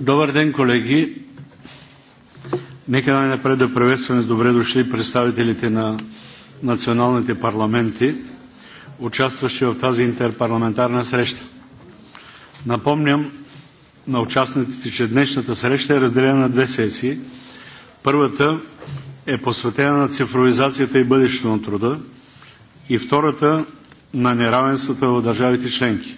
Добър ден, колеги! Нека най-напред да приветстваме с добре дошли представителите на националните парламенти, участващи в тази интерпарламентарна среща. Напомням на участниците, че днешната среща е разделена на две сесии. Първата е посветена на цифровизацията и бъдещето на труда и втората на неравенствата в държавите членки.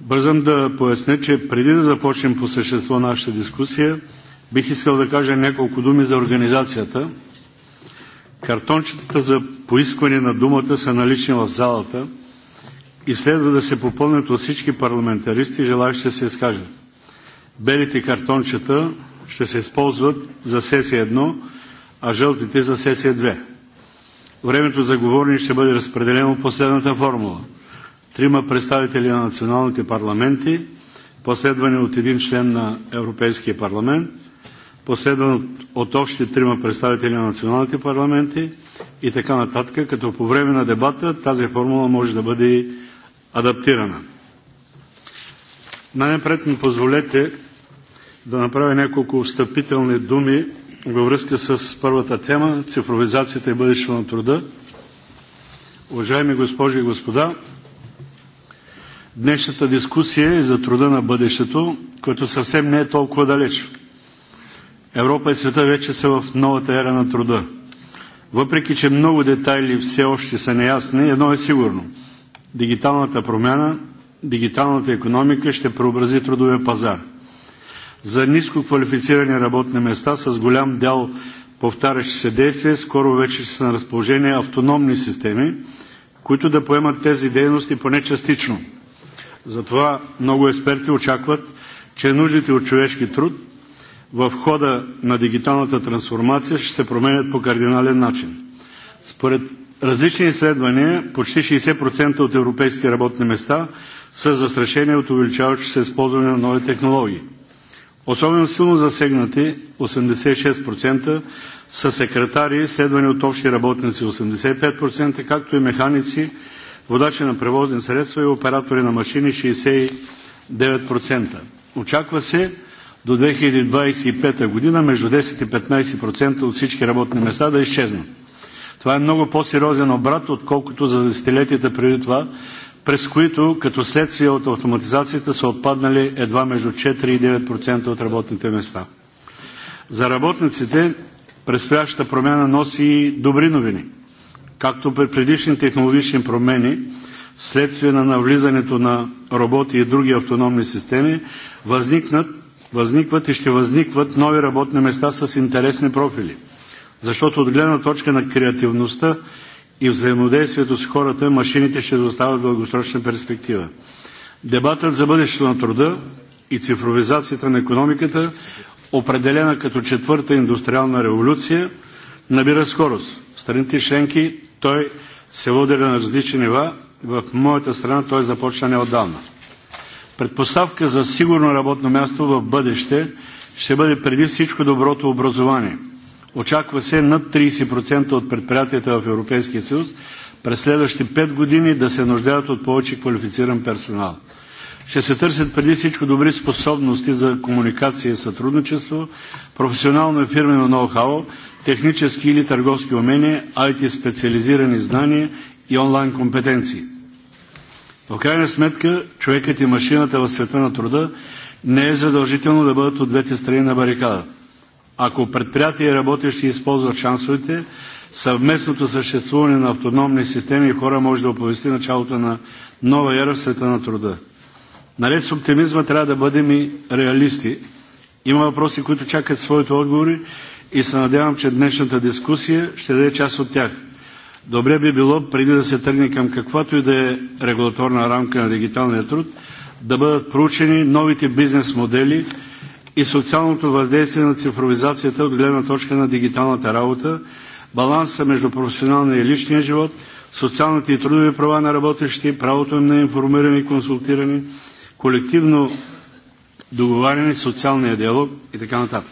Бързам да поясня, че преди да започнем по същество нашата дискусия, бих искал да кажа няколко думи за организацията. Картончетата за поискване на думата са налични в залата и следва да се попълнят от всички парламентаристи, желаящи да се изкажат. Белите картончета ще се използват за сесия 1, а жълтите за сесия 2. Времето за говорене ще бъде разпределено последната формула – трима представители на националните парламенти, последвани от един член на Европейския парламент, последван от още трима представители на националните парламенти и така нататък, като по време на дебата тази формула може да бъде адаптирана. Най-напред ми позволете да направя няколко встъпителни думи във връзка с първата тема – цифровизацията и бъдещето на труда. Уважаеми госпожи и господа, Днешната дискусия е за труда на бъдещето, което съвсем не е толкова далеч. Европа и света вече са в новата ера на труда. Въпреки, че много детайли все още са неясни, едно е сигурно. Дигиталната промяна, дигиталната економика ще преобрази трудовия пазар. За ниско квалифицирани работни места с голям дял повтарящи се действия, скоро вече са на разположение автономни системи, които да поемат тези дейности поне частично – затова много експерти очакват, че нуждите от човешки труд в хода на дигиталната трансформация ще се променят по кардинален начин. Според различни изследвания, почти 60% от европейските работни места са застрашени от увеличаващо се използване на нови технологии. Особено силно засегнати 86% са секретари, следвани от общи работници 85%, както и механици, водачи на превозни средства и оператори на машини – 69%. Очаква се до 2025 г. между 10 и 15% от всички работни места да изчезнат. Това е много по-сериозен обрат, отколкото за десетилетията преди това, през които като следствие от автоматизацията са отпаднали едва между 4 и 9% от работните места. За работниците предстоящата промяна носи и добри новини – Както при предишни технологични промени, вследствие на навлизането на роботи и други автономни системи, възникнат, възникват и ще възникват нови работни места с интересни профили. Защото от гледна точка на креативността и взаимодействието с хората, машините ще доставят дългосрочна перспектива. Дебатът за бъдещето на труда и цифровизацията на економиката, определена като четвърта индустриална революция, набира скорост. Страните членки той се води на различни нива. В моята страна той започна неотдавна. Предпоставка за сигурно работно място в бъдеще ще бъде преди всичко доброто образование. Очаква се над 30% от предприятията в Европейския съюз през следващите 5 години да се нуждаят от повече квалифициран персонал ще се търсят преди всичко добри способности за комуникация и сътрудничество, професионално и фирмено ноу-хау, технически или търговски умения, IT специализирани знания и онлайн компетенции. В крайна сметка, човекът и машината в света на труда не е задължително да бъдат от двете страни на барикада. Ако предприятия и работещи използват шансовете, съвместното съществуване на автономни системи и хора може да оповести началото на нова ера в света на труда. Наред с оптимизма трябва да бъдем и реалисти. Има въпроси, които чакат своите отговори и се надявам, че днешната дискусия ще даде част от тях. Добре би било, преди да се тръгне към каквато и да е регулаторна рамка на дигиталния труд, да бъдат проучени новите бизнес модели и социалното въздействие на цифровизацията от гледна точка на дигиталната работа, баланса между професионалния и личния живот, социалните и трудови права на работещите, правото им на информиране и консултиране, колективно договаряне, социалния диалог и така нататък.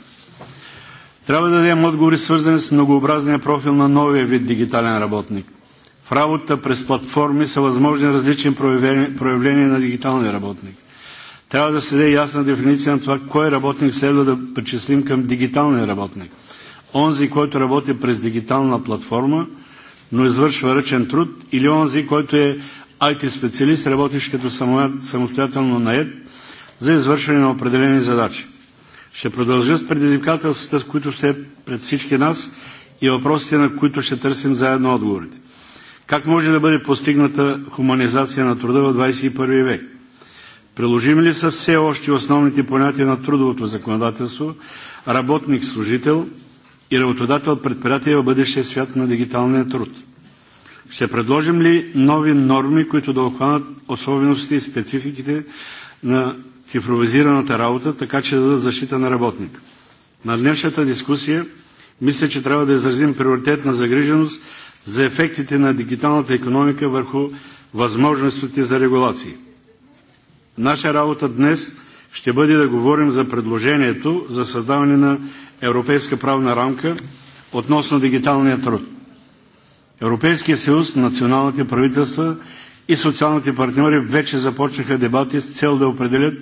Трябва да дадем отговори, свързани с многообразния профил на новия вид дигитален работник. В работата през платформи са възможни различни проявления на дигиталния работник. Трябва да се даде ясна дефиниция на това, кой работник следва да причислим към дигиталния работник. Онзи, който работи през дигитална платформа, но извършва ръчен труд, или онзи, който е IT-специалист, работещ като самостоятелно нает за извършване на определени задачи. Ще продължа с предизвикателствата, с които сте пред всички нас и въпросите, на които ще търсим заедно отговорите. Как може да бъде постигната хуманизация на труда в 21 век? Приложими ли са все още основните понятия на трудовото законодателство работник-служител и работодател-предприятие в бъдещия свят на дигиталния труд? Ще предложим ли нови норми, които да обхванат особеностите и спецификите на цифровизираната работа, така че да дадат защита на работника? На днешната дискусия мисля, че трябва да изразим приоритетна загриженост за ефектите на дигиталната економика върху възможностите за регулации. Наша работа днес ще бъде да говорим за предложението за създаване на европейска правна рамка относно дигиталния труд. Европейския съюз, националните правителства и социалните партньори вече започнаха дебати с цел да определят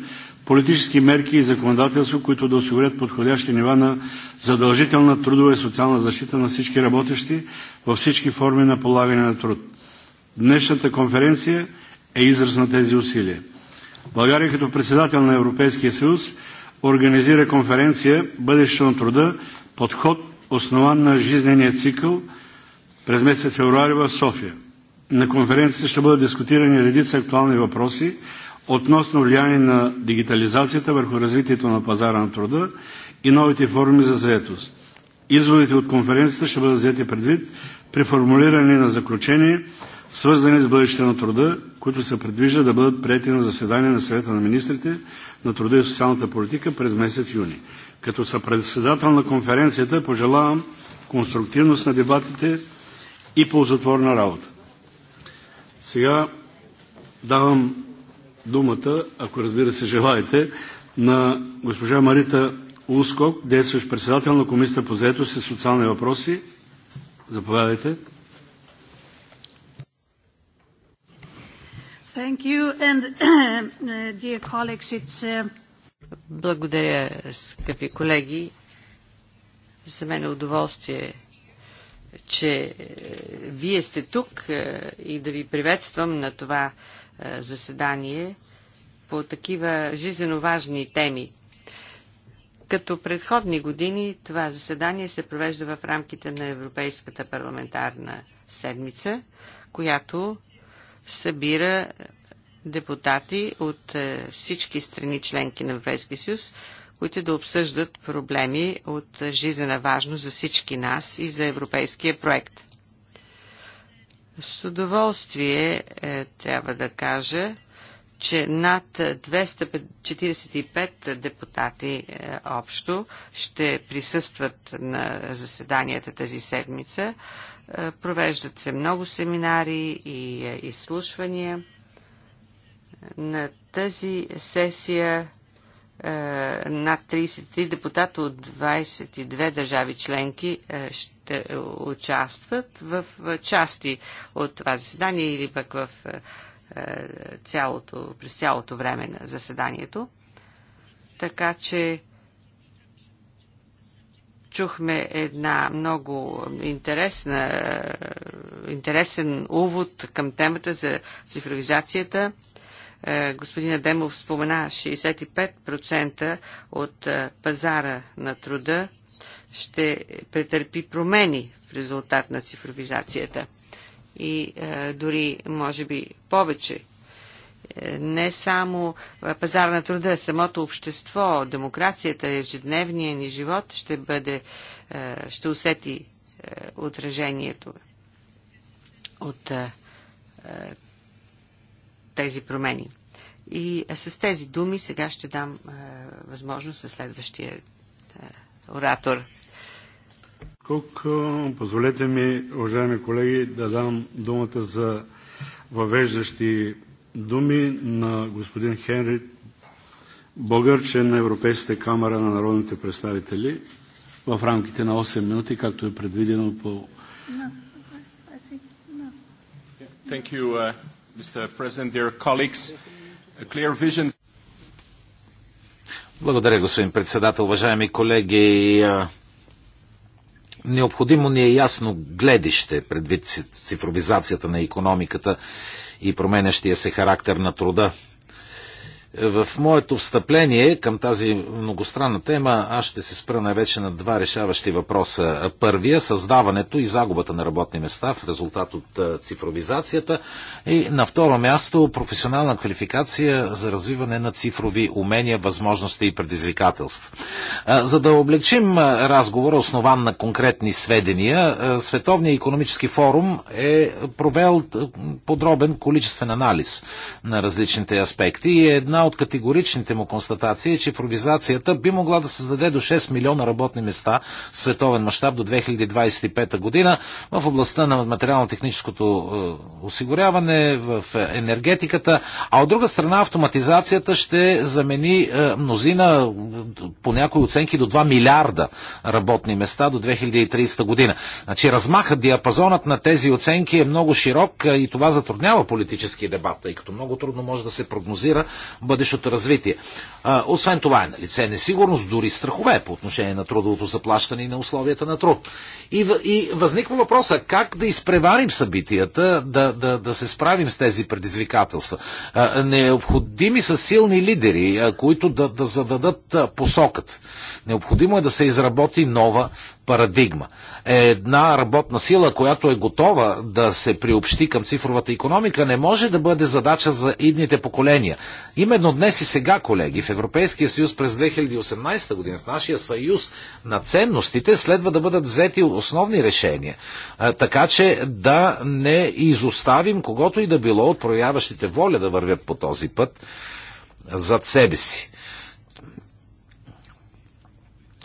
политически мерки и законодателство, които да осигурят подходящи нива на задължителна трудова и социална защита на всички работещи във всички форми на полагане на труд. Днешната конференция е израз на тези усилия. България като председател на Европейския съюз организира конференция Бъдещето на труда подход основан на жизнения цикъл – през месец февруари в София. На конференцията ще бъдат дискутирани редица актуални въпроси относно влияние на дигитализацията върху развитието на пазара на труда и новите форми за заетост. Изводите от конференцията ще бъдат взети предвид при формулиране на заключения, свързани с бъдещето на труда, които се предвижда да бъдат прияти на заседание на съвета на министрите на труда и социалната политика през месец юни. Като съпредседател на конференцията пожелавам конструктивност на дебатите, и ползотворна работа. Сега давам думата, ако разбира се желаете, на госпожа Марита Ускок, действащ председател на Комисията по заетост и социални въпроси. Заповядайте. Thank you and dear colleagues, it's uh, Благодаря, скъпи колеги. За мен е удоволствие че е, вие сте тук е, и да ви приветствам на това е, заседание по такива жизненно важни теми. Като предходни години това заседание се провежда в рамките на Европейската парламентарна седмица, която събира депутати от всички страни членки на Европейския съюз, които да обсъждат проблеми от жизнена важност за всички нас и за европейския проект. С удоволствие е, трябва да кажа, че над 245 депутати е, общо ще присъстват на заседанията тази седмица. Е, провеждат се много семинари и е, изслушвания. На тази сесия е, над 33 депутата от 22 държави членки е, ще участват в части от това заседание или пък в е, цялото, през цялото време на заседанието. Така че чухме една много интересна, интересен увод към темата за цифровизацията, е, господин Адемов спомена 65% от е, пазара на труда ще претърпи промени в резултат на цифровизацията. И е, дори, може би, повече не само пазар на труда, самото общество, демокрацията, ежедневния ни живот ще бъде, ще усети отражението от тези промени. И е, с тези думи сега ще дам е, възможност за следващия е, оратор. Колко е, позволете ми, уважаеми колеги, да дам думата за въвеждащи думи на господин Хенри Богър, член на Европейската камера на народните представители, в рамките на 8 минути, както е предвидено по... No, no. Thank you, uh... Mr. President, dear colleagues, a clear vision. Благодаря, господин председател. Уважаеми колеги, необходимо ни е ясно гледище предвид цифровизацията на економиката и променящия се характер на труда. В моето встъпление към тази многостранна тема аз ще се спра най-вече на два решаващи въпроса. Първия – създаването и загубата на работни места в резултат от цифровизацията. И на второ място – професионална квалификация за развиване на цифрови умения, възможности и предизвикателства. За да облегчим разговора, основан на конкретни сведения, Световният економически форум е провел подробен количествен анализ на различните аспекти и е една от категоричните му констатации е, че цифровизацията би могла да създаде до 6 милиона работни места в световен мащаб до 2025 година в областта на материално-техническото е, осигуряване, в енергетиката, а от друга страна автоматизацията ще замени е, мнозина е, по някои оценки до 2 милиарда работни места до 2030 година. Значи размахът, диапазонът на тези оценки е много широк и това затруднява политически дебат, тъй като много трудно може да се прогнозира бъдещото развитие. А, освен това е на лице несигурност, дори страхове по отношение на трудовото заплащане и на условията на труд. И, и възниква въпроса как да изпреварим събитията, да, да, да се справим с тези предизвикателства. А, необходими са силни лидери, които да, да зададат посокът. Необходимо е да се изработи нова парадигма. Е, една работна сила, която е готова да се приобщи към цифровата економика, не може да бъде задача за идните поколения. Именно днес и сега, колеги, в Европейския съюз през 2018 година, в нашия съюз на ценностите, следва да бъдат взети основни решения, е, така че да не изоставим когото и да било от проявяващите воля да вървят по този път зад себе си.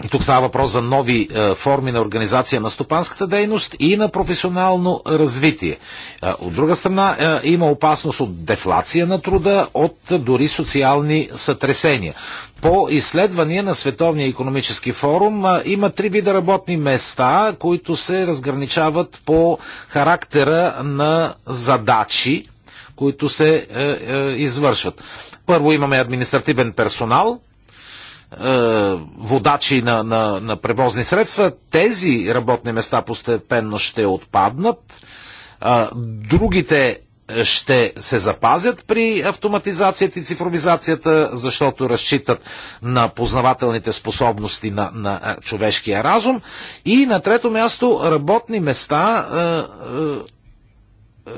Тук става въпрос за нови е, форми на организация на стопанската дейност и на професионално развитие. Е, от друга страна е, има опасност от дефлация на труда, от е, дори социални сътресения. По изследвания на Световния економически форум е, има три вида работни места, които се разграничават по характера на задачи, които се е, извършват. Първо имаме административен персонал, е, водачи на, на, на превозни средства, тези работни места постепенно ще отпаднат, другите ще се запазят при автоматизацията и цифровизацията, защото разчитат на познавателните способности на, на човешкия разум. И на трето място работни места е, е, е,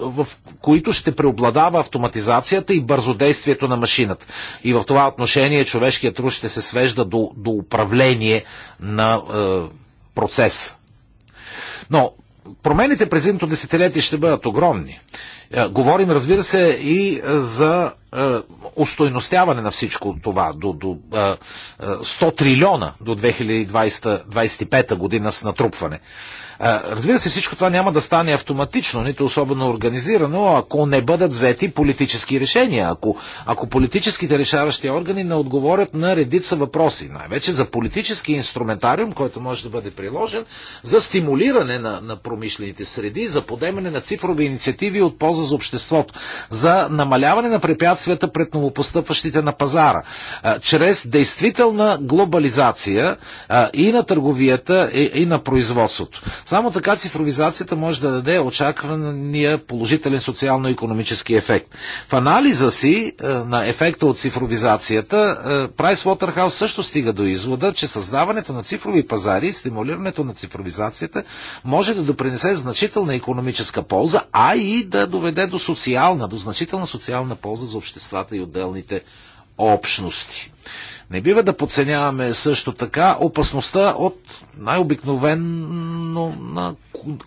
в които ще преобладава автоматизацията и бързодействието на машината. И в това отношение човешкият труд ще се свежда до, до управление на е, процеса. Но промените през едното десетилетие ще бъдат огромни. Е, говорим, разбира се, и е, за е, устойностяване на всичко това до, до 100 трилиона до 2025 година с натрупване. Разбира се, всичко това няма да стане автоматично, нито особено организирано, ако не бъдат взети политически решения, ако, ако политическите решаващи органи не отговорят на редица въпроси, най-вече за политически инструментариум, който може да бъде приложен, за стимулиране на, на промишлените среди, за подемане на цифрови инициативи от полза полза за обществото, за намаляване на препятствията пред новопостъпващите на пазара, чрез действителна глобализация и на търговията, и на производството. Само така цифровизацията може да даде очаквания положителен социално-економически ефект. В анализа си на ефекта от цифровизацията, Прайс Уотерхаус също стига до извода, че създаването на цифрови пазари и стимулирането на цифровизацията може да допринесе значителна економическа полза, а и да доведе доведе до социална, до значителна социална полза за обществата и отделните общности. Не бива да подценяваме също така опасността от най-обикновено на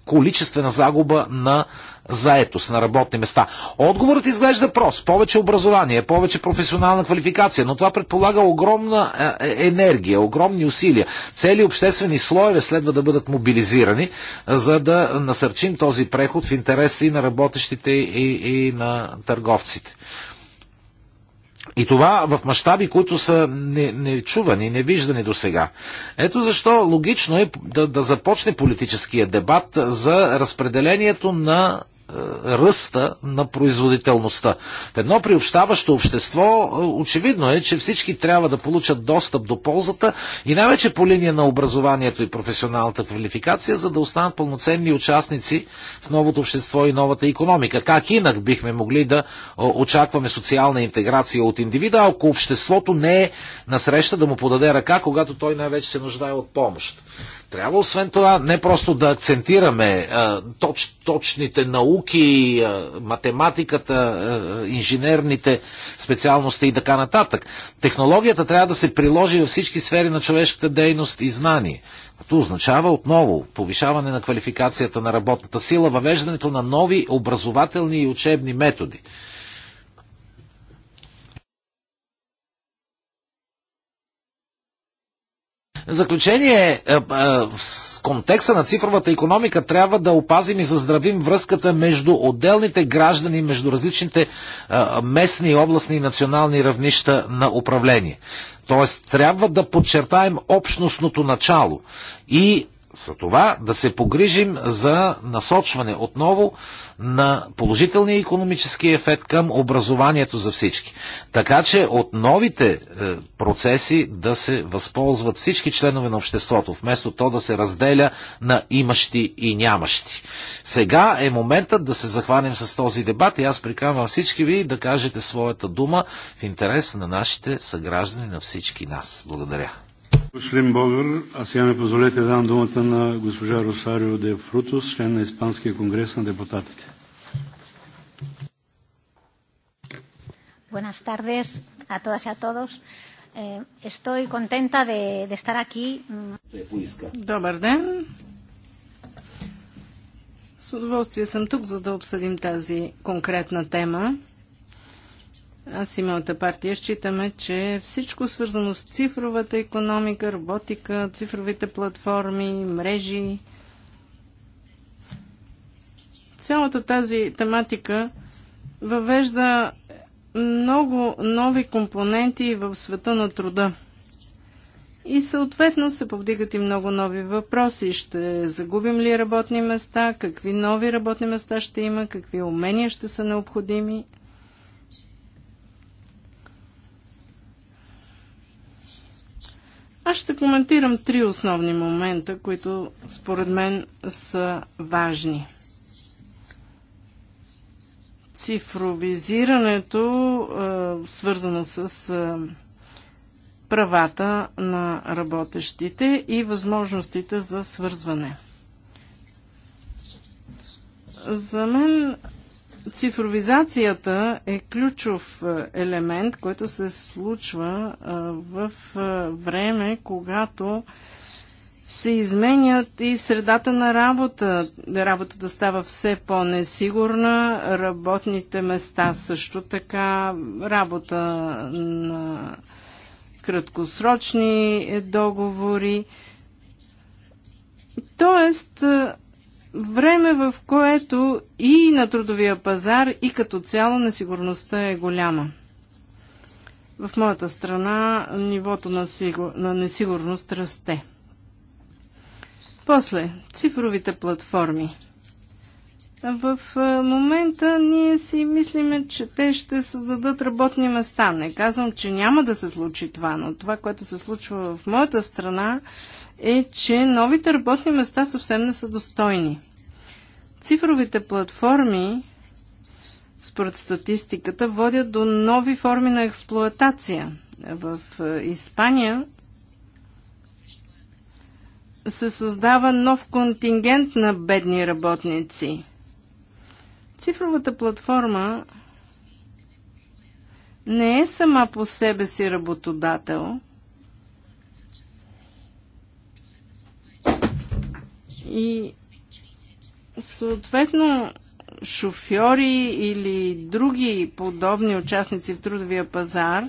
количествена загуба на заетост, на работни места. Отговорът изглежда прост. Повече образование, повече професионална квалификация, но това предполага огромна е, е, енергия, огромни усилия. Цели обществени слоеве следва да бъдат мобилизирани, е, за да насърчим този преход в интерес и на работещите и, и на търговците. И това в мащаби, които са нечувани, не невиждани до сега. Ето защо логично е да, да започне политическия дебат за разпределението на е, ръста на производителността. В едно приобщаващо общество е, очевидно е, че всички трябва да получат достъп до ползата и най-вече по линия на образованието и професионалната квалификация, за да останат пълноценни участници в новото общество и новата економика. Как инак бихме могли да е, очакваме социална интеграция от индивида, ако обществото не е насреща да му подаде ръка, когато той най-вече се нуждае от помощ. Трябва освен това не просто да акцентираме а, точ, точните науки, а, математиката, а, инженерните специалности и така нататък. Технологията трябва да се приложи във всички сфери на човешката дейност и знание. Като означава отново повишаване на квалификацията на работната сила, въвеждането на нови образователни и учебни методи Е, е, в заключение, в контекста на цифровата економика трябва да опазим и заздравим връзката между отделните граждани, между различните е, местни, областни и национални равнища на управление. Тоест, трябва да подчертаем общностното начало и за това да се погрижим за насочване отново на положителния економически ефект към образованието за всички. Така че от новите е, процеси да се възползват всички членове на обществото, вместо то да се разделя на имащи и нямащи. Сега е моментът да се захванем с този дебат и аз приканвам всички ви да кажете своята дума в интерес на нашите съграждани, на всички нас. Благодаря. Господин Богър, а сега ми позволете да дам думата на госпожа Росарио де Фрутос, член на Испанския конгрес на депутатите. Buenas tardes a todas y a todos. Eh, estoy contenta de, de estar aquí. Добър ден. С удоволствие съм тук, за да обсъдим тази конкретна тема. Аз и моята партия считаме, че всичко свързано с цифровата економика, роботика, цифровите платформи, мрежи, цялата тази тематика въвежда много нови компоненти в света на труда. И съответно се повдигат и много нови въпроси. Ще загубим ли работни места? Какви нови работни места ще има? Какви умения ще са необходими? Аз ще коментирам три основни момента, които според мен са важни. Цифровизирането, свързано с правата на работещите и възможностите за свързване. За мен Цифровизацията е ключов е, елемент, който се случва е, в е, време, когато се изменят и средата на работа. Работата става все по-несигурна, работните места също така, работа на краткосрочни договори. Тоест, време, в което и на трудовия пазар, и като цяло несигурността е голяма. В моята страна нивото на, сигур... на несигурност расте. После, цифровите платформи. В момента ние си мислиме, че те ще създадат работни места. Не казвам, че няма да се случи това, но това, което се случва в моята страна, е, че новите работни места съвсем не са достойни. Цифровите платформи, според статистиката, водят до нови форми на експлоатация. В е, Испания се създава нов контингент на бедни работници. Цифровата платформа не е сама по себе си работодател – И съответно шофьори или други подобни участници в трудовия пазар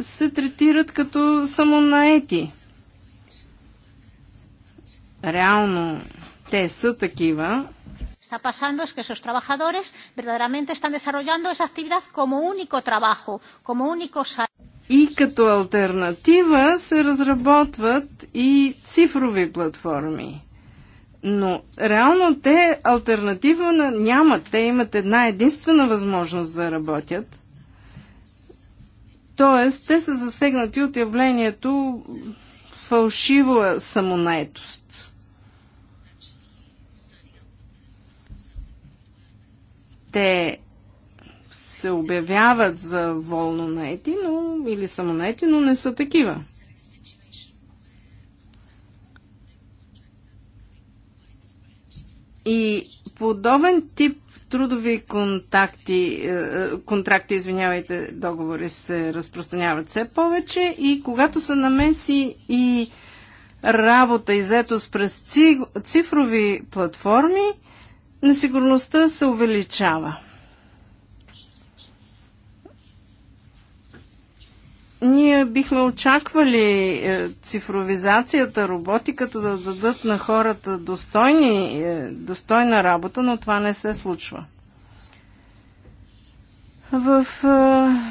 се третират като самонаети. Реално те са такива, está pasando es que esos trabajadores verdaderamente están desarrollando esa actividad como único trabajo, como único И като альтернатива се разработват и цифрови платформи. Но реално те альтернатива нямат. Те имат една единствена възможност да работят. Тоест, те са засегнати от явлението фалшива самонаетост. Те се обявяват за волно наети, но, или самонаети, но не са такива. И подобен тип трудови контакти, е, контракти, извинявайте, договори се разпространяват все повече и когато се намеси и работа и заетост през цифрови платформи, несигурността се увеличава. Ние бихме очаквали е, цифровизацията, роботиката да дадат на хората достойни, е, достойна работа, но това не се случва. В е,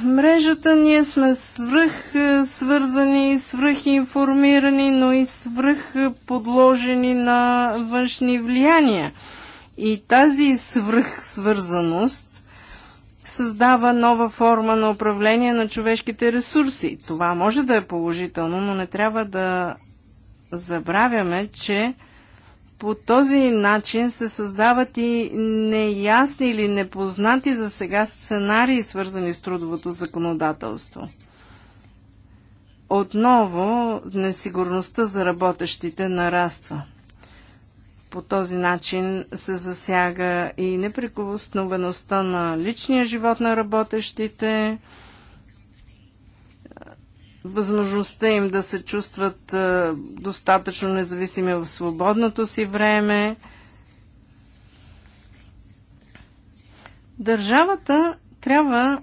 мрежата ние сме свръх свързани, свръх информирани, но и свръх подложени на външни влияния. И тази свръхсвързаност създава нова форма на управление на човешките ресурси. Това може да е положително, но не трябва да забравяме, че по този начин се създават и неясни или непознати за сега сценарии, свързани с трудовото законодателство. Отново несигурността за работещите нараства по този начин се засяга и неприкосновеността на личния живот на работещите, възможността им да се чувстват достатъчно независими в свободното си време. Държавата трябва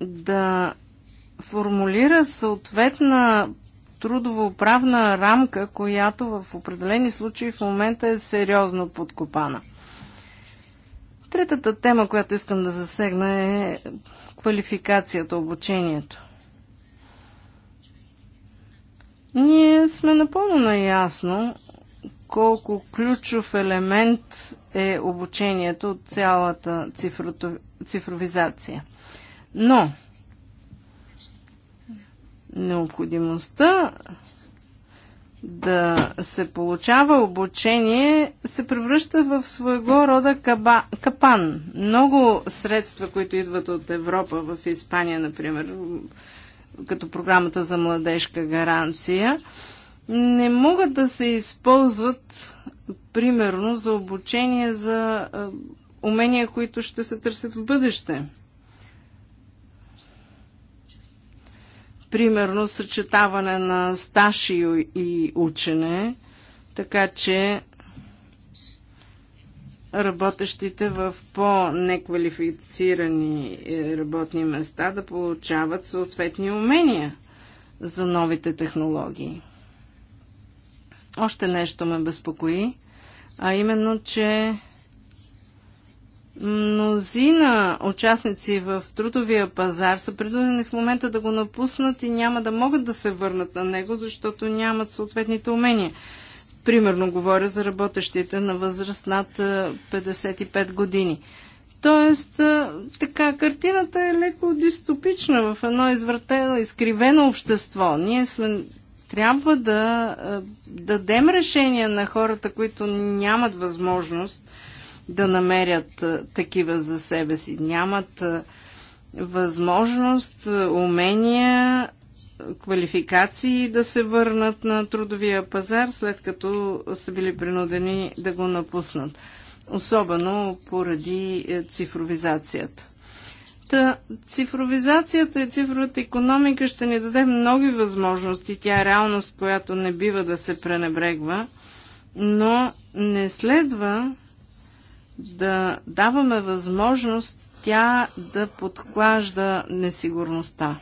да формулира съответна трудово-правна рамка, която в определени случаи в момента е сериозно подкопана. Третата тема, която искам да засегна е квалификацията, обучението. Ние сме напълно наясно колко ключов елемент е обучението от цялата цифровизация. Но необходимостта да се получава обучение се превръща в своего рода каба, капан. Много средства, които идват от Европа в Испания, например, като програмата за младежка гаранция, не могат да се използват примерно за обучение за умения, които ще се търсят в бъдеще. примерно съчетаване на стаж и, и учене, така че работещите в по-неквалифицирани е, работни места да получават съответни умения за новите технологии. Още нещо ме безпокои, а именно, че Мнозина участници в трудовия пазар са принудени в момента да го напуснат и няма да могат да се върнат на него, защото нямат съответните умения. Примерно говоря за работещите на възраст над 55 години. Тоест, така, картината е леко дистопична в едно извратено, изкривено общество. Ние сме, трябва да, да дадем решение на хората, които нямат възможност да намерят такива за себе си. Нямат възможност, умения, квалификации да се върнат на трудовия пазар, след като са били принудени да го напуснат. Особено поради е, цифровизацията. Та, цифровизацията и цифровата економика ще ни даде много възможности. Тя е реалност, която не бива да се пренебрегва, но не следва да даваме възможност тя да подклажда несигурността.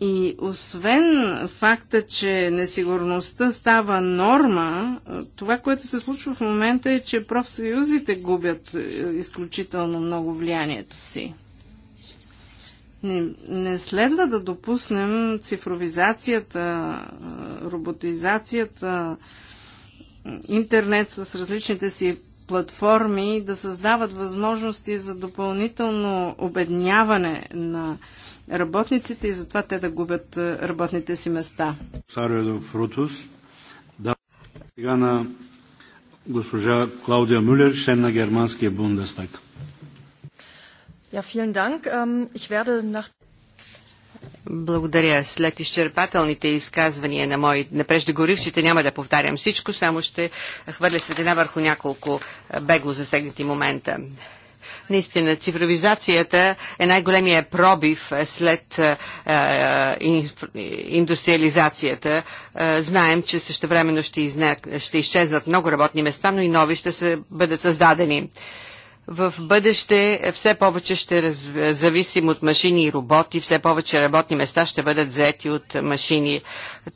И освен факта, че несигурността става норма, това, което се случва в момента е, че профсъюзите губят е, изключително много влиянието си. Не, не следва да допуснем цифровизацията, роботизацията, интернет с различните си платформи да създават възможности за допълнително обедняване на работниците и затова те да губят работните си места. Рутус. Да, сега на госпожа Клаудия Мюлер, член на Германския Бундестаг. Ähm, благодаря. След изчерпателните изказвания на мои на няма да повтарям всичко, само ще хвърля светлина върху няколко е, бегло засегнати момента. Наистина, цифровизацията е най-големия пробив е, след е, е индустриализацията. Е, знаем, че същевременно ще, изне, ще изчезнат много работни места, но и нови ще се бъдат създадени в бъдеще все повече ще раз... зависим от машини и роботи, все повече работни места ще бъдат заети от машини.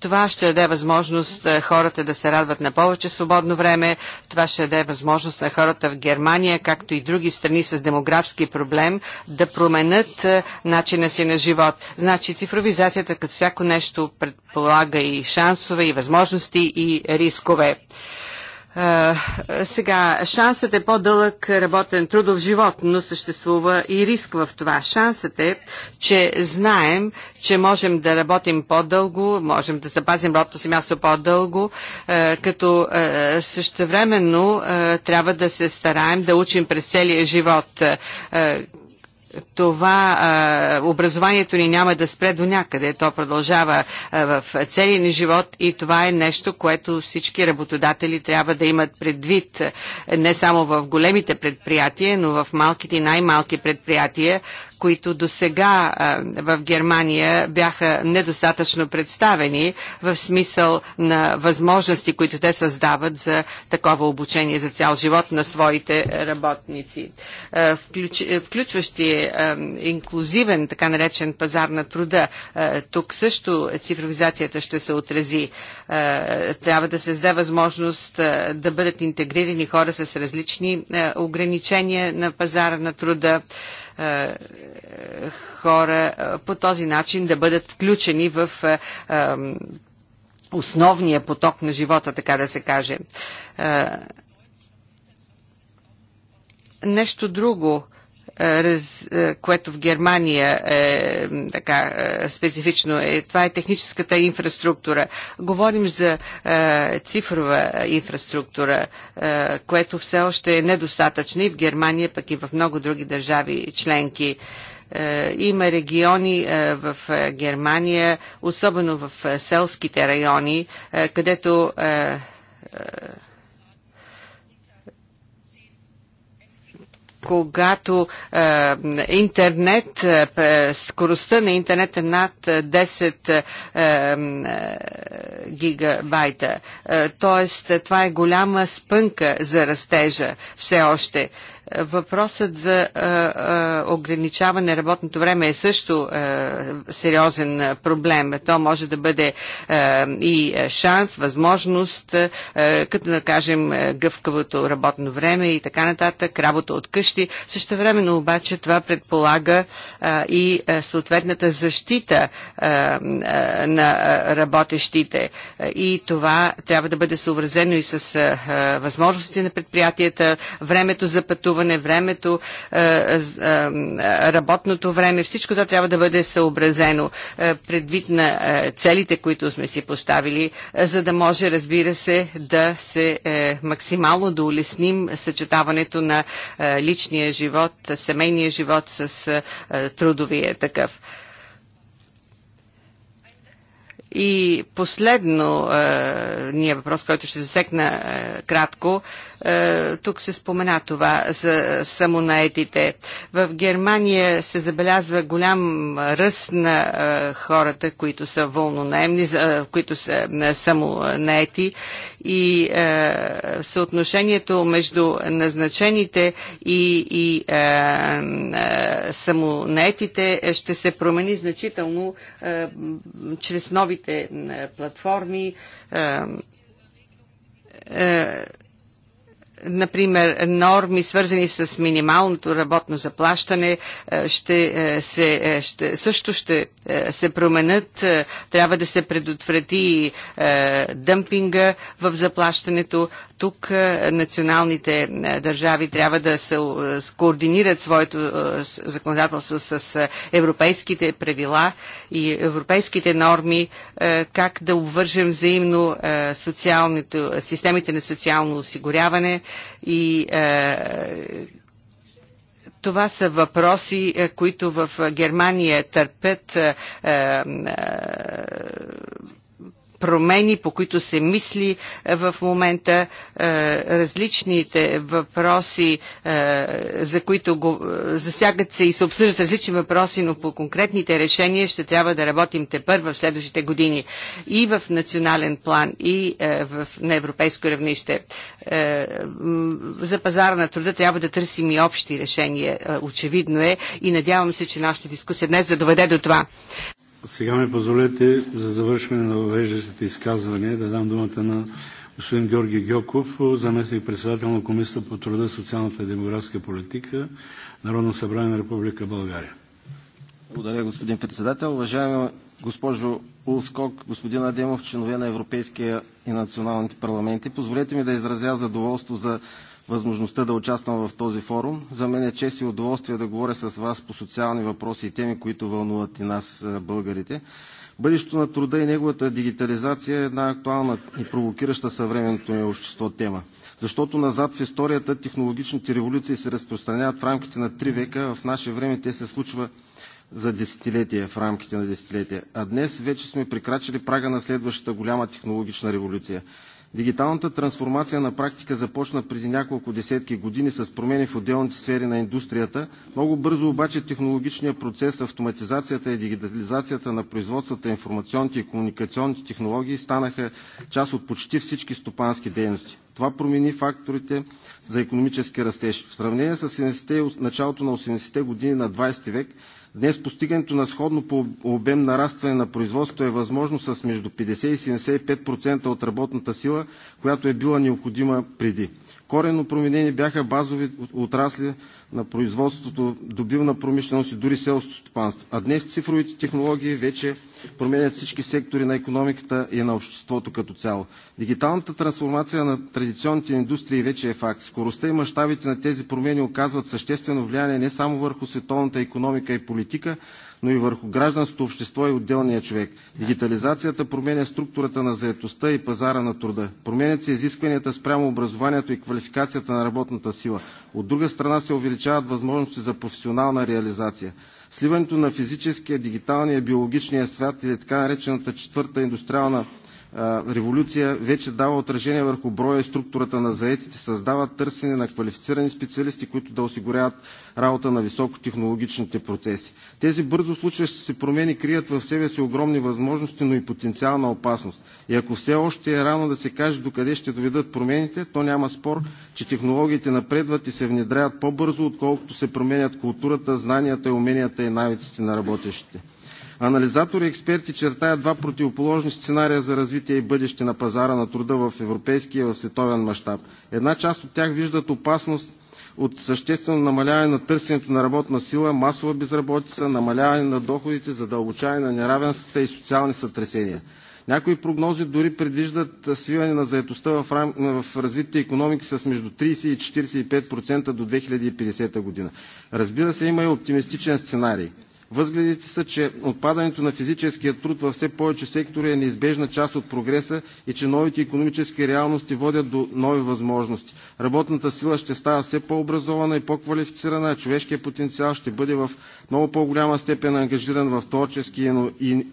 Това ще даде възможност е, хората да се радват на повече свободно време, това ще даде възможност на хората в Германия, както и други страни с демографски проблем, да променят е, начина си на живот. Значи цифровизацията като всяко нещо предполага и шансове, и възможности, и рискове сега, шансът е по-дълъг работен трудов живот, но съществува и риск в това. Шансът е, че знаем, че можем да работим по-дълго, можем да запазим работното си място по-дълго, като същевременно трябва да се стараем да учим през целия живот това а, образованието ни няма да спре до някъде. То продължава а, в целия ни живот и това е нещо, което всички работодатели трябва да имат предвид не само в големите предприятия, но в малките и най-малки предприятия, които до сега в Германия бяха недостатъчно представени в смисъл на възможности, които те създават за такова обучение за цял живот на своите работници. включващи инклюзивен, така наречен пазар на труда, тук също цифровизацията ще се отрази. Трябва да се създаде възможност да бъдат интегрирани хора с различни ограничения на пазара на труда е, хора е, по този начин да бъдат включени в е, основния поток на живота, така да се каже. Нещо друго е, раз, е, което в Германия е така е, специфично, е, това е техническата инфраструктура. Говорим за е, цифрова инфраструктура, е, което все още е недостатъчна и в Германия, пък и в много други държави членки. Има региони в Германия, особено в селските райони, където когато е, интернет, е, скоростта на интернет е над 10 е, е, е, гигабайта. Е, тоест, това е голяма спънка за растежа все още. Въпросът за а, а, ограничаване на работното време е също а, сериозен проблем. То може да бъде а, и шанс, възможност, а, като да кажем гъвкавото работно време и така нататък, работа от къщи. Също времено обаче това предполага а, и съответната защита а, а, на работещите. И това трябва да бъде съобразено и с а, възможностите на предприятията, времето за пътуване, пътуване, времето, е, е, работното време, всичко това трябва да бъде съобразено е, предвид на целите, които сме си поставили, за да може, разбира се, да се максимално да улесним съчетаването на личния живот, семейния живот с трудовия такъв. И последно е, ние въпрос, който ще засекна е, кратко. Е, тук се спомена това за самонаетите. В Германия се забелязва голям ръст на е, хората, които са вълнонаемни, е, които са е, самонаети и е, съотношението между назначените и, и е, е, самонаетите ще се промени значително е, чрез новите цифровите е, платформи, е, е, например, норми, свързани с минималното работно заплащане, ще се, ще, също ще се променят. Трябва да се предотврати дъмпинга в заплащането. Тук е, националните е, държави трябва да се е, координират своето законодателство с европейските правила и европейските норми, как да обвържем взаимно системите на социално осигуряване и това са въпроси, които в Германия търпят е, е, промени, по които се мисли е, в момента, е, различните въпроси, е, за които го, засягат се и се обсъждат различни въпроси, но по конкретните решения ще трябва да работим те първа в следващите години и в национален план, и в, на европейско равнище. За пазара на труда трябва да търсим и общи решения, очевидно е, и надявам се, че нашата дискусия днес да доведе до това. Сега ми позволете за завършване на въвеждащите изказвания да дам думата на господин Георги Гьоков, заместник председател на Комисията по труда, социалната и демографска политика, Народно събрание на Република България. Благодаря, господин председател. уважаема госпожо Улскок, господин Адемов, членове на Европейския и националните парламенти. Позволете ми да изразя задоволство за възможността да участвам в този форум. За мен е чест и удоволствие да говоря с вас по социални въпроси и теми, които вълнуват и нас, българите. Бъдещето на труда и неговата дигитализация е една актуална и провокираща съвременното ни общество тема. Защото назад в историята технологичните революции се разпространяват в рамките на три века, а в наше време те се случва, за десетилетие, в рамките на десетилетие. А днес вече сме прекрачили прага на следващата голяма технологична революция. Дигиталната трансформация на практика започна преди няколко десетки години с промени в отделните сфери на индустрията. Много бързо обаче технологичният процес, автоматизацията и дигитализацията на производствата, информационните и комуникационните технологии станаха част от почти всички стопански дейности. Това промени факторите за економически растеж. В сравнение с началото на 80-те години на 20 век, Днес постигането на сходно по обем нарастване на производството е възможно с между 50 и 75% от работната сила, която е била необходима преди. Коренно променени бяха базови отрасли, на производството, добивна промишленост и дори селското стопанство. А днес цифровите технологии вече променят всички сектори на економиката и на обществото като цяло. Дигиталната трансформация на традиционните индустрии вече е факт. Скоростта и мащабите на тези промени оказват съществено влияние не само върху световната економика и политика, но и върху гражданското общество и отделния човек. Дигитализацията променя структурата на заетостта и пазара на труда. Променят се изискванията спрямо образованието и квалификацията на работната сила. От друга страна се увеличава увеличават възможностите за професионална реализация. Сливането на физическия, дигиталния и биологичния свят или така наречената четвърта индустриална революция вече дава отражение върху броя и структурата на заетите, създава търсене на квалифицирани специалисти, които да осигуряват работа на високотехнологичните процеси. Тези бързо случващи се промени крият в себе си огромни възможности, но и потенциална опасност. И ако все още е рано да се каже докъде ще доведат промените, то няма спор, че технологиите напредват и се внедряват по-бързо, отколкото се променят културата, знанията, и уменията и навиците на работещите. Анализатори и експерти чертаят два противоположни сценария за развитие и бъдеще на пазара на труда в европейски и в световен мащаб. Една част от тях виждат опасност от съществено намаляване на търсенето на работна сила, масова безработица, намаляване на доходите, задълбочаване на неравенствата и социални сътресения. Някои прогнози дори предвиждат свиване на заетостта в, рам... в развитите економики с между 30 и 45% до 2050 година. Разбира се, има и оптимистичен сценарий. Възгледите са, че отпадането на физическия труд във все повече сектори е неизбежна част от прогреса и че новите икономически реалности водят до нови възможности. Работната сила ще става все по-образована и по-квалифицирана, а човешкият потенциал ще бъде в много по-голяма степен ангажиран в творчески и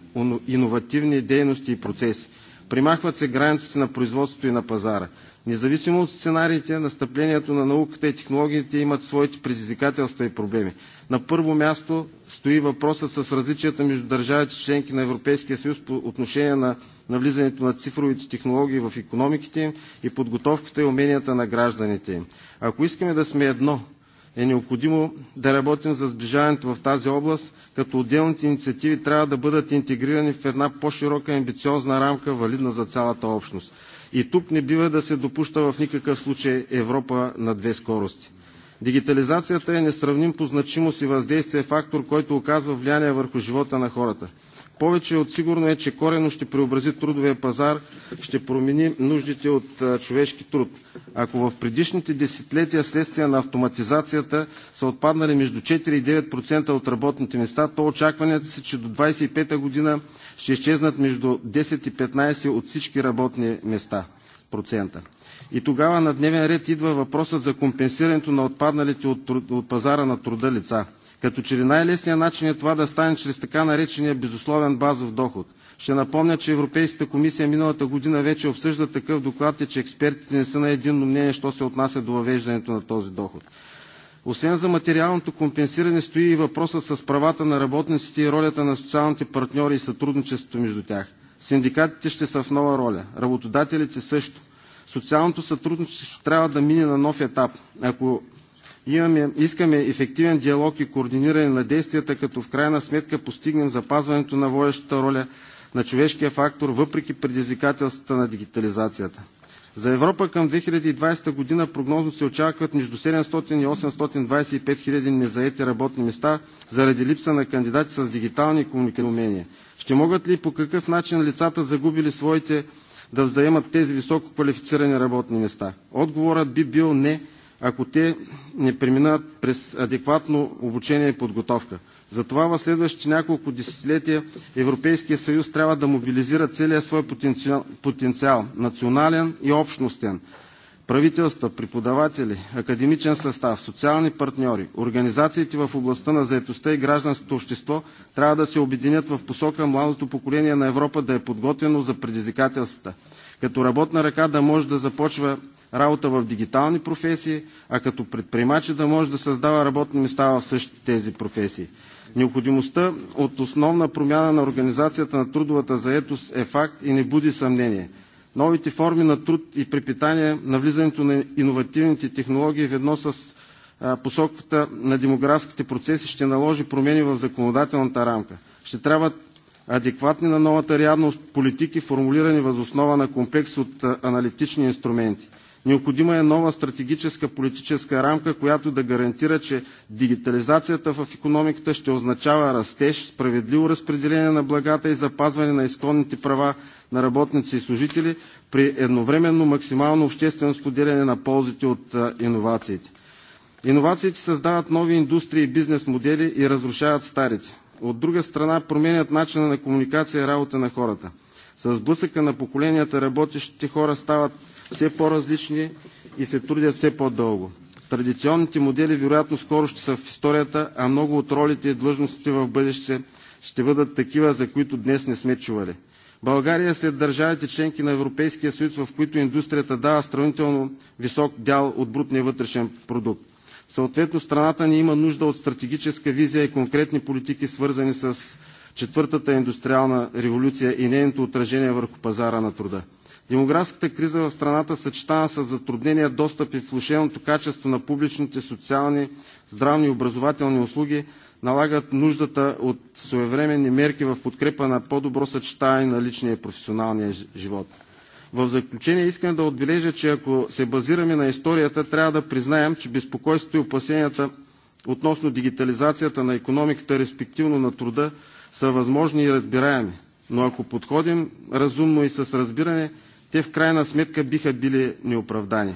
иновативни дейности и процеси. Примахват се границите на производството и на пазара. Независимо от сценариите, настъплението на науката и технологиите имат своите предизвикателства и проблеми. На първо място стои въпросът с различията между държавите членки на Европейския съюз по отношение на навлизането на цифровите технологии в економиките им и подготовката и уменията на гражданите им. Ако искаме да сме едно е необходимо да работим за сближаването в тази област, като отделните инициативи трябва да бъдат интегрирани в една по-широка и амбициозна рамка, валидна за цялата общност. И тук не бива да се допуща в никакъв случай Европа на две скорости. Дигитализацията е несравним по значимост и въздействие фактор, който оказва влияние върху живота на хората. Повече от сигурно е, че корено ще преобрази трудовия пазар, ще промени нуждите от човешки труд. Ако в предишните десетилетия следствие на автоматизацията са отпаднали между 4 и 9% от работните места, то очакванията са, че до 2025 година ще изчезнат между 10 и 15% от всички работни места. И тогава на дневен ред идва въпросът за компенсирането на отпадналите от пазара на труда лица. Като че ли най-лесният начин е това да стане чрез така наречения безусловен базов доход. Ще напомня, че Европейската комисия миналата година вече обсъжда такъв доклад и че експертите не са на единно мнение, що се отнася до въвеждането на този доход. Освен за материалното компенсиране стои и въпросът с правата на работниците и ролята на социалните партньори и сътрудничеството между тях. Синдикатите ще са в нова роля, работодателите също. Социалното сътрудничество трябва да мине на нов етап. Ако Имаме, искаме ефективен диалог и координиране на действията, като в крайна сметка постигнем запазването на водещата роля на човешкия фактор, въпреки предизвикателствата на дигитализацията. За Европа към 2020 година прогнозно се очакват между 700 и 825 хиляди незаети работни места заради липса на кандидати с дигитални и умения. Ще могат ли по какъв начин лицата, загубили своите, да вземат тези високо квалифицирани работни места? Отговорът би бил не, ако те не преминат през адекватно обучение и подготовка. Затова в следващите няколко десетилетия Европейският съюз трябва да мобилизира целия свой потенциал – национален и общностен, правителства, преподаватели, академичен състав, социални партньори, организациите в областта на заетостта и гражданското общество трябва да се обединят в посока младото поколение на Европа да е подготвено за предизвикателствата като работна ръка да може да започва работа в дигитални професии, а като предприемачи да може да създава работни места в същите тези професии. Необходимостта от основна промяна на организацията на трудовата заетост е факт и не буди съмнение. Новите форми на труд и препитание, влизането на иновативните технологии ведно с посоката на демографските процеси ще наложи промени в законодателната рамка. Ще трябва адекватни на новата реалност политики, формулирани въз основа на комплекс от аналитични инструменти. Необходима е нова стратегическа политическа рамка, която да гарантира, че дигитализацията в економиката ще означава растеж, справедливо разпределение на благата и запазване на изконните права на работници и служители при едновременно максимално обществено споделяне на ползите от иновациите. Иновациите създават нови индустрии и бизнес модели и разрушават старите от друга страна, променят начина на комуникация и работа на хората. С сблъсъка на поколенията работещите хора стават все по-различни и се трудят все по-дълго. Традиционните модели вероятно скоро ще са в историята, а много от ролите и длъжностите в бъдеще ще бъдат такива, за които днес не сме чували. България е държавите членки на Европейския съюз, в които индустрията дава сравнително висок дял от брутния вътрешен продукт. Съответно страната ни има нужда от стратегическа визия и конкретни политики, свързани с четвъртата индустриална революция и нейното отражение върху пазара на труда. Демографската криза в страната, съчетана с затруднения достъп и влушеното качество на публичните социални, здравни и образователни услуги, налагат нуждата от своевременни мерки в подкрепа на по-добро съчетаване на личния и професионалния живот. В заключение искам да отбележа, че ако се базираме на историята, трябва да признаем, че безпокойството и опасенията относно дигитализацията на икономиката, респективно на труда, са възможни и разбираеми. Но ако подходим разумно и с разбиране, те в крайна сметка биха били неоправдани.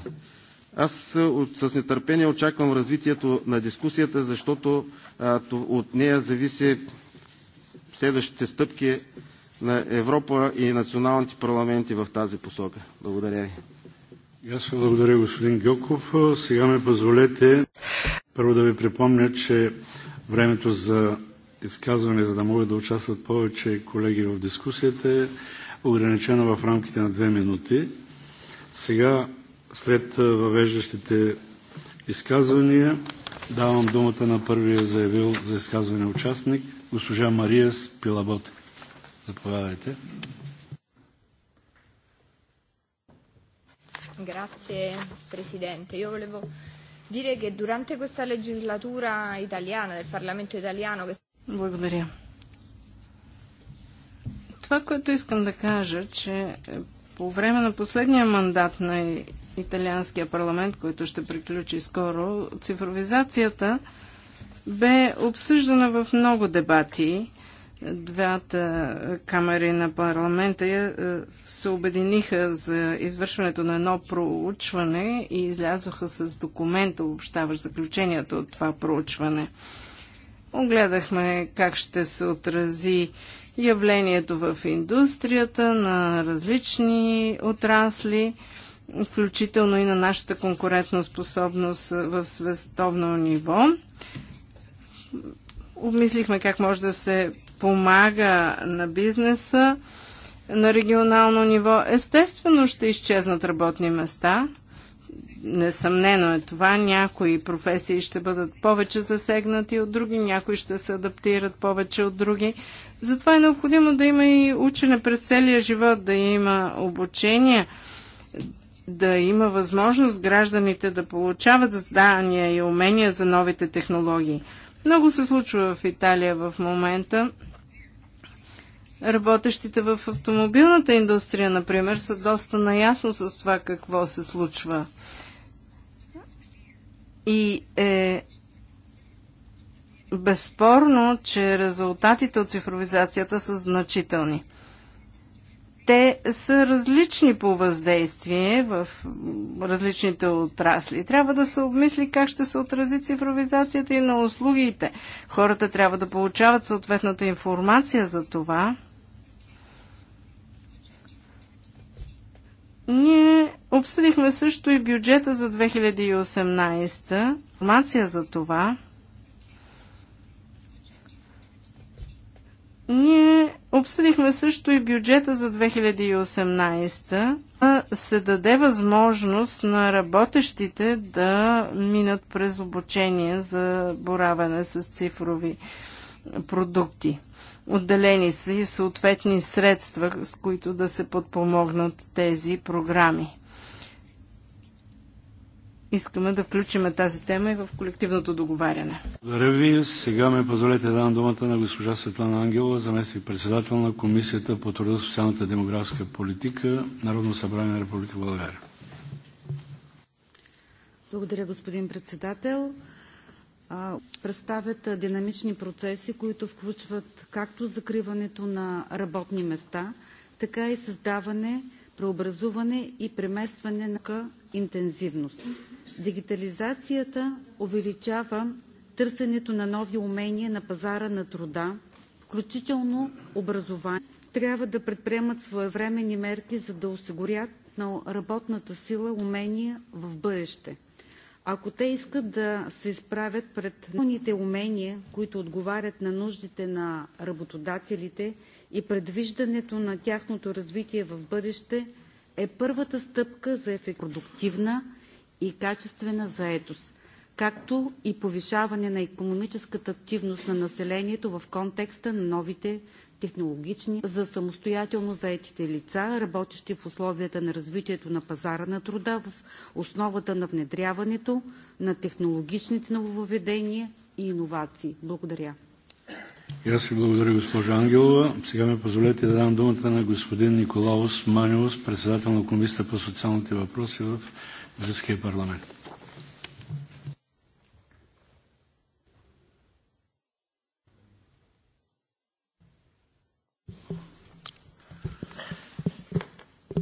Аз е, с нетърпение очаквам развитието на дискусията, защото от нея зависи следващите стъпки на Европа и националните парламенти в тази посока. Благодаря ви. И аз ви благодаря, господин Гьоков. Сега ми позволете първо да ви припомня, че времето за изказване, за да могат да участват повече колеги в дискусията е ограничено в рамките на две минути. Сега, след въвеждащите изказвания, давам думата на първия заявил за изказване участник, госпожа Мария Спилаботи. Заповядайте. Grazie Presidente. Io volevo dire che durante questa legislatura italiana, del Parlamento italiano... Che... Благодаря. Това, което искам да кажа, че по време на последния мандат на италианския парламент, който ще приключи скоро, цифровизацията бе обсъждана в много дебати Двата камери на парламента е, е, се обединиха за извършването на едно проучване и излязоха с документ, обобщаващ заключението от това проучване. Огледахме как ще се отрази явлението в индустрията на различни отрасли, включително и на нашата конкурентна способност в световно ниво. Обмислихме как може да се помага на бизнеса на регионално ниво, естествено ще изчезнат работни места. Несъмнено е това. Някои професии ще бъдат повече засегнати от други, някои ще се адаптират повече от други. Затова е необходимо да има и учене през целия живот, да има обучение, да има възможност гражданите да получават знания и умения за новите технологии. Много се случва в Италия в момента. Работещите в автомобилната индустрия, например, са доста наясно с това какво се случва. И е безспорно, че резултатите от цифровизацията са значителни. Те са различни по въздействие в различните отрасли. Трябва да се обмисли как ще се отрази цифровизацията и на услугите. Хората трябва да получават съответната информация за това Ние обсъдихме също и бюджета за 2018. Информация за това. Ние обсъдихме също и бюджета за 2018. се даде възможност на работещите да минат през обучение за бораване с цифрови продукти. Отделени са и съответни средства, с които да се подпомогнат тези програми. Искаме да включим тази тема и в колективното договаряне. Благодаря ви. Сега ме позволете да дам думата на госпожа Светлана Ангелова, заместник председател на Комисията по труда, социалната и демографска политика, Народно събрание на Република България. Благодаря, господин председател представят динамични процеси, които включват както закриването на работни места, така и създаване, преобразуване и преместване на интензивност. Дигитализацията увеличава търсенето на нови умения на пазара на труда, включително образование, трябва да предприемат своевременни мерки, за да осигурят на работната сила умения в бъдеще. Ако те искат да се изправят пред новите умения, които отговарят на нуждите на работодателите и предвиждането на тяхното развитие в бъдеще, е първата стъпка за ефективна и качествена заетост както и повишаване на икономическата активност на населението в контекста на новите технологични за самостоятелно заетите лица, работещи в условията на развитието на пазара на труда в основата на внедряването на технологичните нововъведения и иновации. Благодаря. И аз ви благодаря, госпожа Ангелова. Сега ми позволете да дам думата на господин Николаус Маниус, председател на Комисията по социалните въпроси в Гръцкия парламент.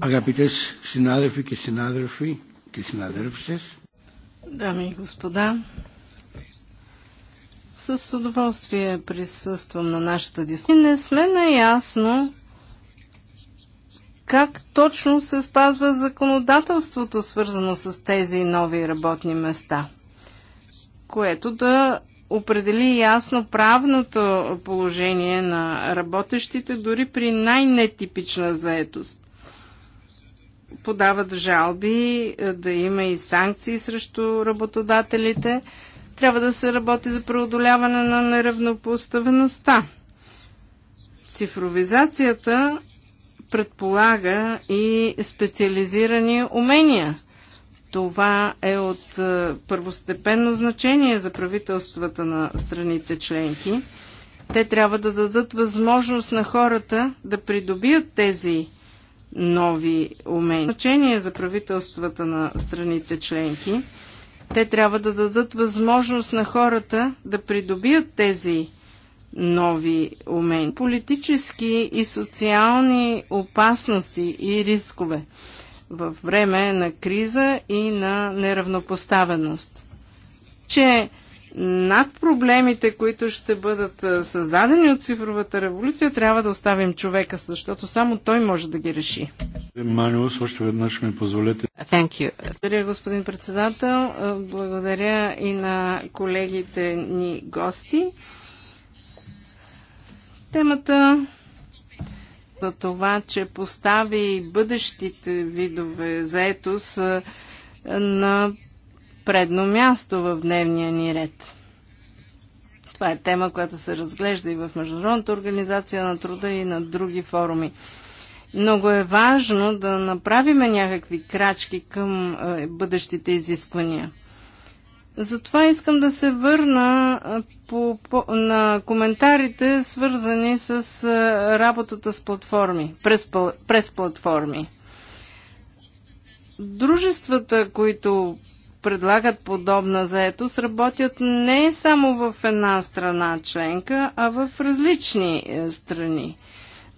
Αγαπητές συνάδελφοι και συνάδελφοι και συναδέλφισες. Дами и господа, с удоволствие присъствам на нашата дискусия. Не сме наясно как точно се спазва законодателството, свързано с тези нови работни места, което да определи ясно правното положение на работещите дори при най-нетипична заетост подават жалби, е, да има и санкции срещу работодателите. Трябва да се работи за преодоляване на неравнопоставеността. Цифровизацията предполага и специализирани умения. Това е от е, първостепенно значение за правителствата на страните членки. Те трябва да дадат възможност на хората да придобият тези нови умения. Значение за правителствата на страните членки. Те трябва да дадат възможност на хората да придобият тези нови умения. Политически и социални опасности и рискове в време на криза и на неравнопоставеност. Че над проблемите, които ще бъдат създадени от цифровата революция, трябва да оставим човека, защото само той може да ги реши. Маниус, още веднъж ми позволете. Благодаря, господин председател. Благодаря и на колегите ни гости. Темата за това, че постави бъдещите видове заетост на предно място в дневния ни ред. Това е тема, която се разглежда и в Международната организация на труда и на други форуми. Много е важно да направиме някакви крачки към е, бъдещите изисквания. Затова искам да се върна е, по, по, на коментарите, свързани с е, работата с платформи, през, през платформи. Дружествата, които предлагат подобна заетост, работят не само в една страна членка, а в различни е, страни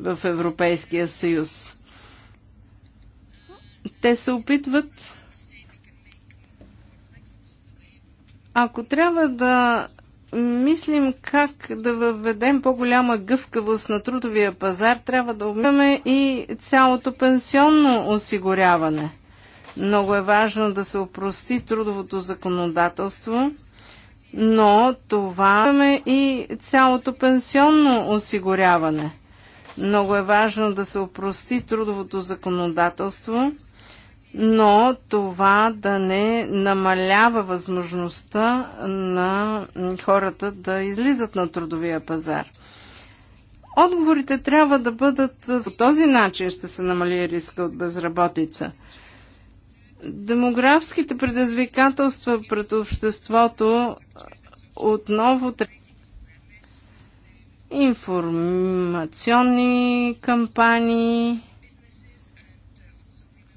в Европейския съюз. Те се опитват, ако трябва да мислим как да въведем по-голяма гъвкавост на трудовия пазар, трябва да умираме и цялото пенсионно осигуряване – много е важно да се опрости трудовото законодателство, но това е и цялото пенсионно осигуряване. Много е важно да се опрости трудовото законодателство, но това да не намалява възможността на хората да излизат на трудовия пазар. Отговорите трябва да бъдат по този начин ще се намали риска от безработица – Демографските предизвикателства пред обществото отново информационни кампании,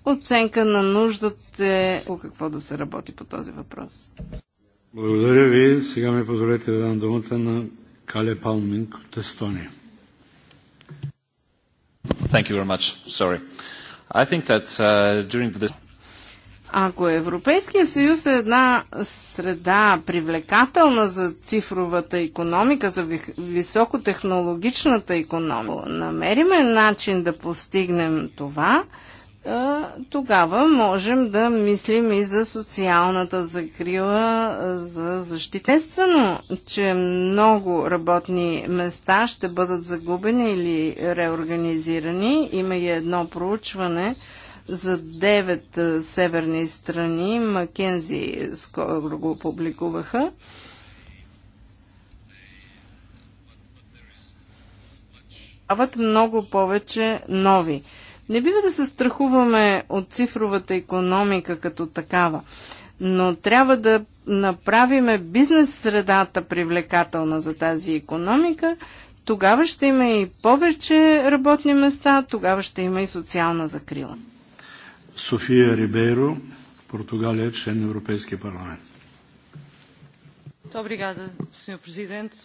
оценка на нуждата, е по какво да се работи по този въпрос. Благодаря ви. Сега ми позволете да дам думата на Кале Палминг от Естония. Thank you very much. Sorry. I think that uh, during the ако Европейския съюз е една среда привлекателна за цифровата економика, за високотехнологичната економика, намериме начин да постигнем това, тогава можем да мислим и за социалната закрила, за защитенствено, че много работни места ще бъдат загубени или реорганизирани. Има и едно проучване – за 9 северни страни. Макензи скоро го публикуваха. Дават много повече нови. Не бива да се страхуваме от цифровата економика като такава, но трябва да направиме бизнес средата привлекателна за тази економика, тогава ще има и повече работни места, тогава ще има и социална закрила. София Рибейро, Португалия, член на Европейския парламент. Obrigada, Sr. Presidente.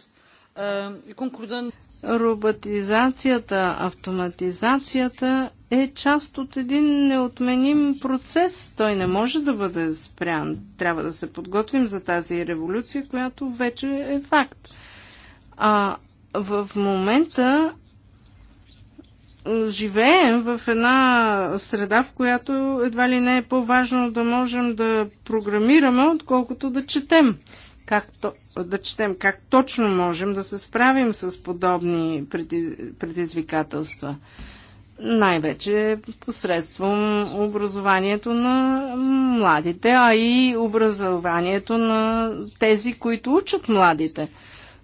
Uh, concordando... Роботизацията, автоматизацията е част от един неотменим процес. Той не може да бъде спрян. Трябва да се подготвим за тази революция, която вече е факт. А в момента живеем в една среда, в която едва ли не е по-важно да можем да програмираме, отколкото да четем. Как то, да четем как точно можем да се справим с подобни предизвикателства. Най-вече посредством образованието на младите, а и образованието на тези, които учат младите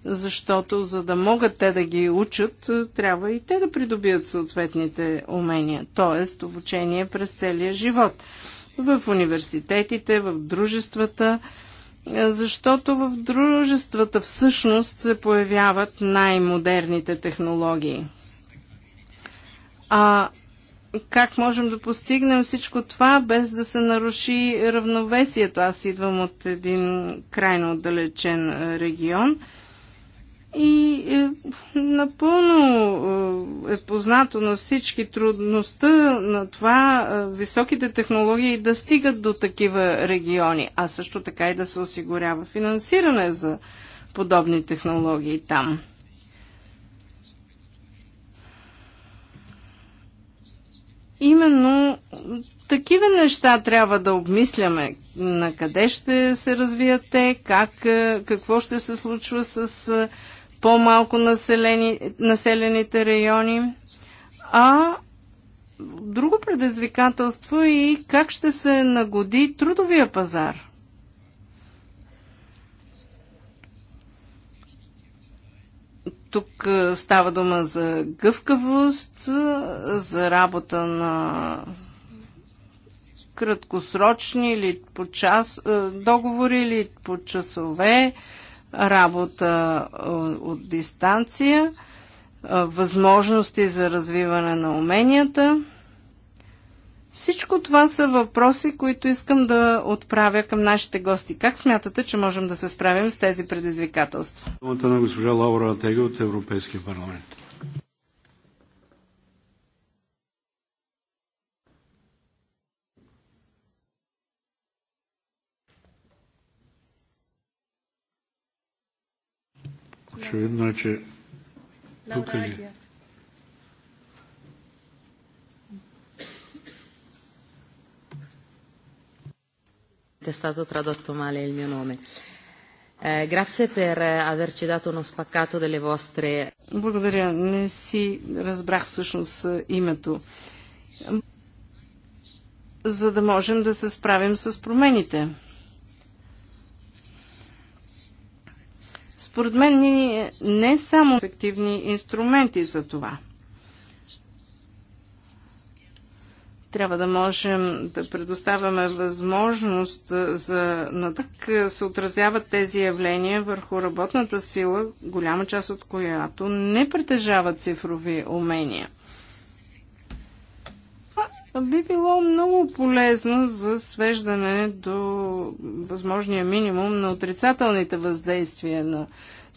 защото за да могат те да ги учат, трябва и те да придобият съответните умения, т.е. обучение през целия живот. В университетите, в дружествата, защото в дружествата всъщност се появяват най-модерните технологии. А как можем да постигнем всичко това, без да се наруши равновесието? Аз идвам от един крайно отдалечен регион – и е, напълно е, е познато на всички трудността на това е, високите технологии да стигат до такива региони, а също така и да се осигурява финансиране за подобни технологии там. Именно такива неща трябва да обмисляме. На къде ще се развият те, как, е, какво ще се случва с е, по-малко населени, населените райони. А друго предизвикателство е и как ще се нагоди трудовия пазар. Тук е, става дума за гъвкавост, е, за работа на краткосрочни или по час, е, договори или по часове, работа от дистанция, възможности за развиване на уменията. Всичко това са въпроси, които искам да отправя към нашите гости. Как смятате, че можем да се справим с тези предизвикателства? Думата на госпожа Лаура Атега от Европейския парламент. Очевидно е, че тук е. È stato tradotto male il mio nome. Eh, grazie per eh, averci dato uno spaccato delle vostre. Благодаря. Не си разбрах всъщност е, името. За да можем да се справим с промените. Според мен ни не само ефективни инструменти за това. Трябва да можем да предоставяме възможност за натък, се отразяват тези явления върху работната сила, голяма част от която не притежава цифрови умения би било много полезно за свеждане до възможния минимум на отрицателните въздействия на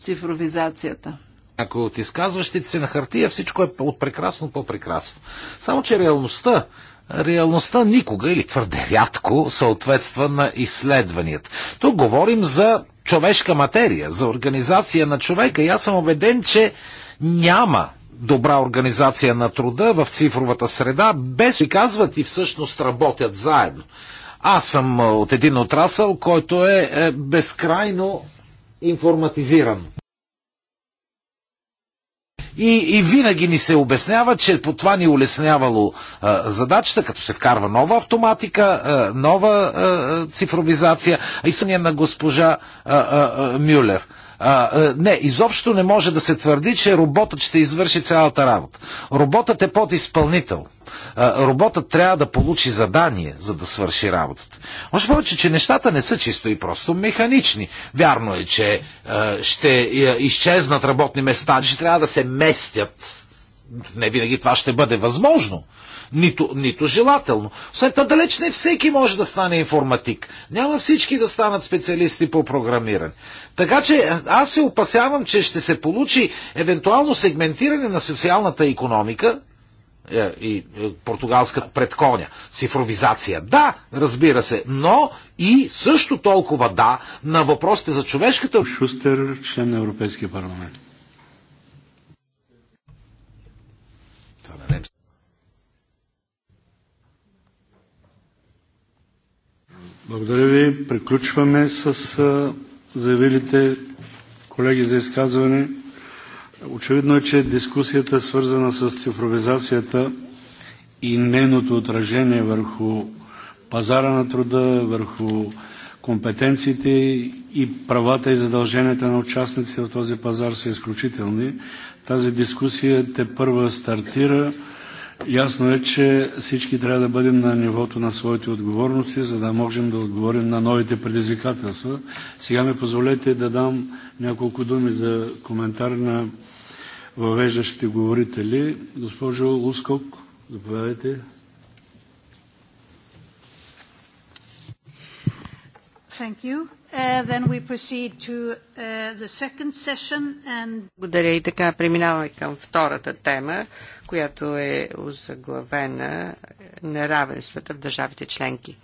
цифровизацията. Ако от изказващите се на хартия всичко е от прекрасно по-прекрасно. Само, че реалността реалността никога или твърде рядко съответства на изследванията. Тук говорим за човешка материя, за организация на човека и аз съм убеден, че няма добра организация на труда в цифровата среда, без и казват и всъщност работят заедно. Аз съм от един отрасъл, който е, е безкрайно информатизиран. И, и винаги ни се обяснява, че по това ни улеснявало а, задачата, като се вкарва нова автоматика, а, нова а, цифровизация, а и съня на госпожа а, а, а, Мюлер. А, е, не, изобщо не може да се твърди, че роботът ще извърши цялата работа. Роботът е подизпълнител. А, роботът трябва да получи задание, за да свърши работата. Може повече, че нещата не са чисто и просто механични. Вярно е, че а, ще е, изчезнат работни места, че трябва да се местят. Не винаги това ще бъде възможно нито, нито желателно. След това далеч не всеки може да стане информатик. Няма всички да станат специалисти по програмиране. Така че аз се опасявам, че ще се получи евентуално сегментиране на социалната економика, е, и е, португалска предконя. Цифровизация. Да, разбира се, но и също толкова да на въпросите за човешката... Шустер, член на Европейския парламент. Това да не Благодаря ви. Приключваме с заявилите колеги за изказване. Очевидно е, че дискусията, е свързана с цифровизацията и нейното отражение върху пазара на труда, върху компетенциите и правата и задълженията на участниците в този пазар са изключителни. Тази дискусия те първа стартира. Ясно е, че всички трябва да бъдем на нивото на своите отговорности, за да можем да отговорим на новите предизвикателства. Сега ми позволете да дам няколко думи за коментар на въвеждащите говорители. Госпожо Лускок, заповядайте. Thank you. Uh, to, uh, and... Благодаря и така преминаваме към втората тема която е озаглавена неравенствата в държавите членки.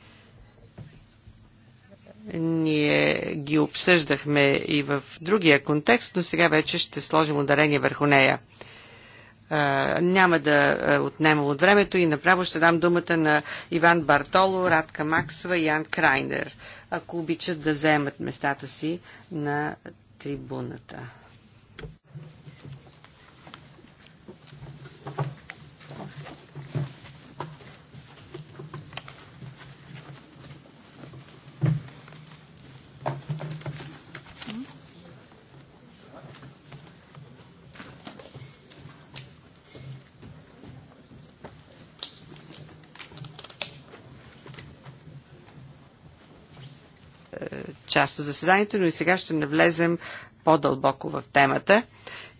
Ние ги обсъждахме и в другия контекст, но сега вече ще сложим ударение върху нея. А, няма да отнема от времето и направо ще дам думата на Иван Бартоло, Радка Максова и Ян Крайнер, ако обичат да вземат местата си на трибуната. част от заседанието, но и сега ще навлезем по-дълбоко в темата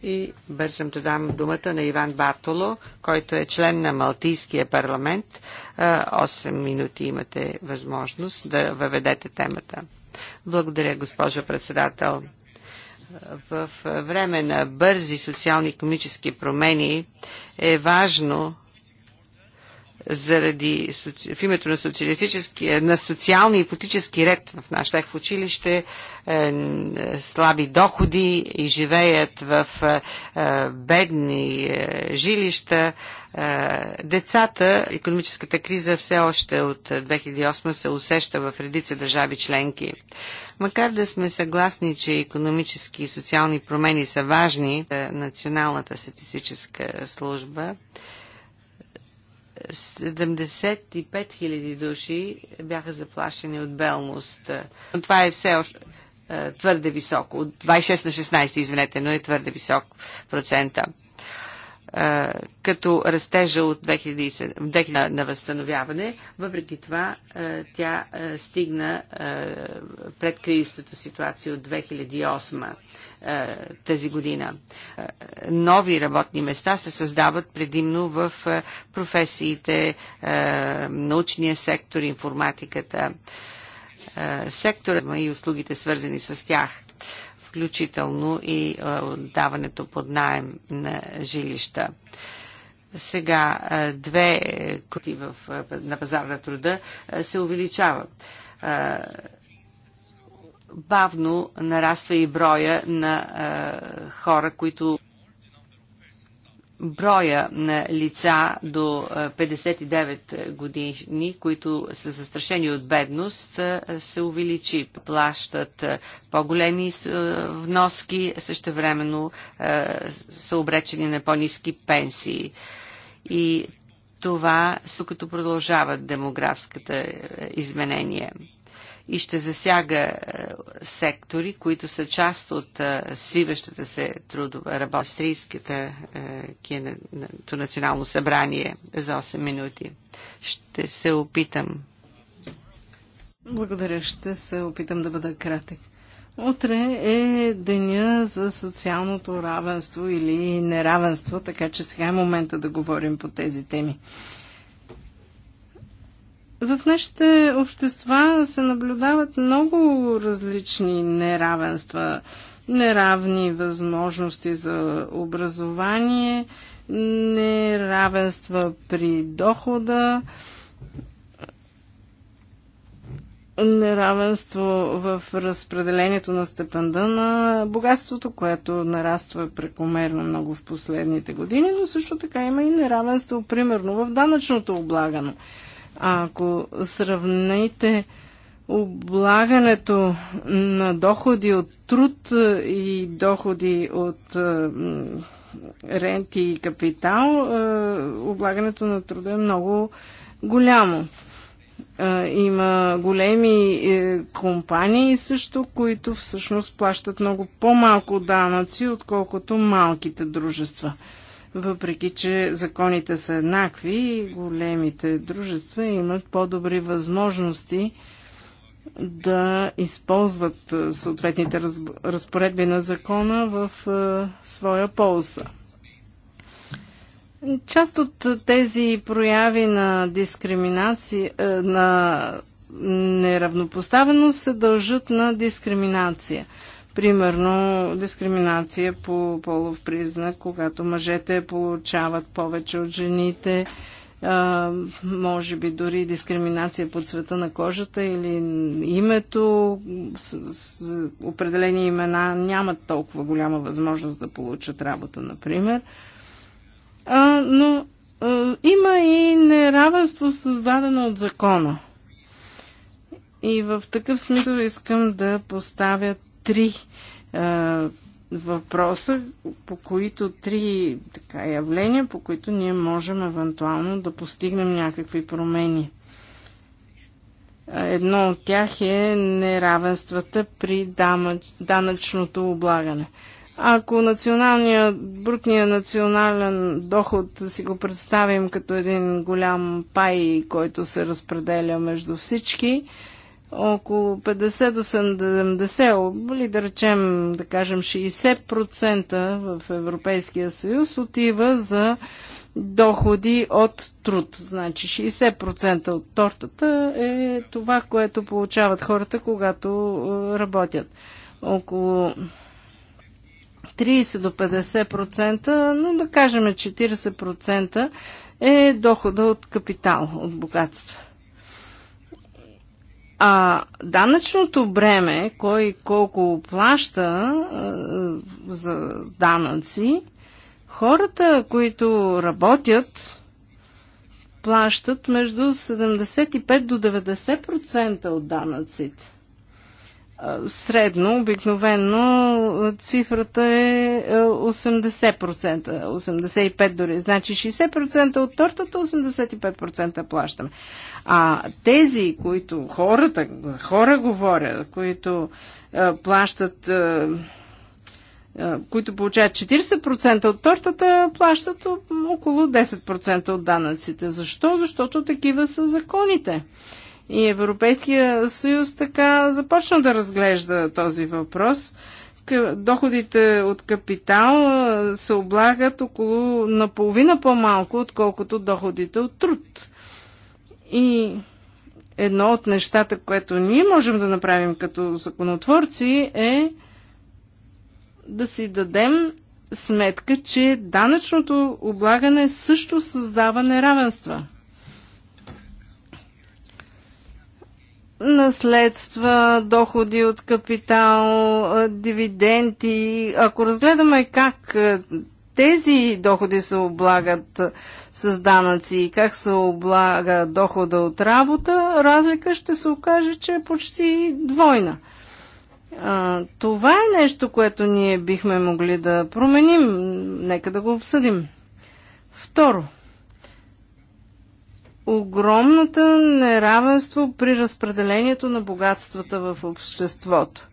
и бързам да дам думата на Иван Бартоло, който е член на Малтийския парламент. 8 минути имате възможност да въведете темата. Благодаря, госпожо председател. В време на бързи социално-економически промени е важно заради, в името на, социалистически, е, на социални и политически ред в наш в училище, е, е, слаби доходи и живеят в бедни жилища. Децата, економическата криза все още от 2008 се усеща в редица държави членки. Макар да сме съгласни, че економически и социални промени са важни, Националната статистическа служба 75 000 души бяха заплашени от белност. Но това е все още е, твърде високо. От 26 на 16, извинете, но е твърде висок процента. Е, като растежа от 2000 на възстановяване, въпреки това е, тя стигна пред кризистата ситуация от 2008. Е, тази година. Е, нови работни места се създават предимно в е, професиите, научния сектор, информатиката, сектора и услугите свързани с тях включително и отдаването под найем на жилища. Сега две коти на пазар на труда се увеличават бавно нараства и броя на хора, които броя на лица до 59 години, които са застрашени от бедност, се увеличи. Плащат по-големи вноски, също времено са обречени на по-низки пенсии. И това, като продължават демографската изменения и ще засяга е, сектори, които са част от е, свиващата се трудова работа. Австрийската е, кинато национално събрание за 8 минути. Ще се опитам. Благодаря, ще се опитам да бъда кратък. Утре е деня за социалното равенство или неравенство, така че сега е момента да говорим по тези теми. В нашите общества се наблюдават много различни неравенства, неравни възможности за образование, неравенства при дохода, неравенство в разпределението на степента на богатството, което нараства прекомерно много в последните години, но също така има и неравенство, примерно, в данъчното облагано. А ако сравните облагането на доходи от труд е, и доходи от е, ренти и капитал, е, облагането на труда е много голямо. Има големи компании също, които всъщност плащат много по-малко данъци, отколкото малките дружества. Въпреки, че законите са еднакви, големите дружества имат по-добри възможности да използват съответните разпоредби на закона в своя полза. Част от тези прояви на дискриминация, на неравнопоставеност се дължат на дискриминация – Примерно дискриминация по полов признак, когато мъжете получават повече от жените, може би дори дискриминация по цвета на кожата или името. С, определени имена нямат толкова голяма възможност да получат работа, например. но има и неравенство създадено от закона. И в такъв смисъл искам да поставя три е, въпроса, по които три така, явления, по които ние можем евентуално да постигнем някакви промени. Едно от тях е неравенствата при данъчното облагане. Ако националния, брутния национален доход си го представим като един голям пай, който се разпределя между всички, около 50 70 или да речем, да кажем 60% в Европейския съюз отива за доходи от труд. Значи 60% от тортата е това, което получават хората, когато е, работят. Около 30 до 50%, но да кажем 40% е дохода от капитал, от богатство. А данъчното бреме, кой колко плаща а, за данъци, хората, които работят, плащат между 75 до 90% от данъците средно, обикновено цифрата е 80%, е, 85% дори. Значи 60% от тортата, 85% плащаме. А тези, които хората, хора говоря, които плащат, които получават 40% от тортата, плащат около 10% от данъците. Защо? Защото такива са законите. И Европейския съюз така започна да разглежда този въпрос. Доходите от капитал се облагат около наполовина по-малко, отколкото доходите от труд. И едно от нещата, което ние можем да направим като законотворци е да си дадем сметка, че данъчното облагане също създава неравенства. наследства, доходи от капитал, дивиденти. Ако разгледаме как тези доходи се облагат с данъци и как се облага дохода от работа, разлика ще се окаже, че е почти двойна. това е нещо, което ние бихме могли да променим. Нека да го обсъдим. Второ, огромната неравенство при разпределението на богатствата в обществото.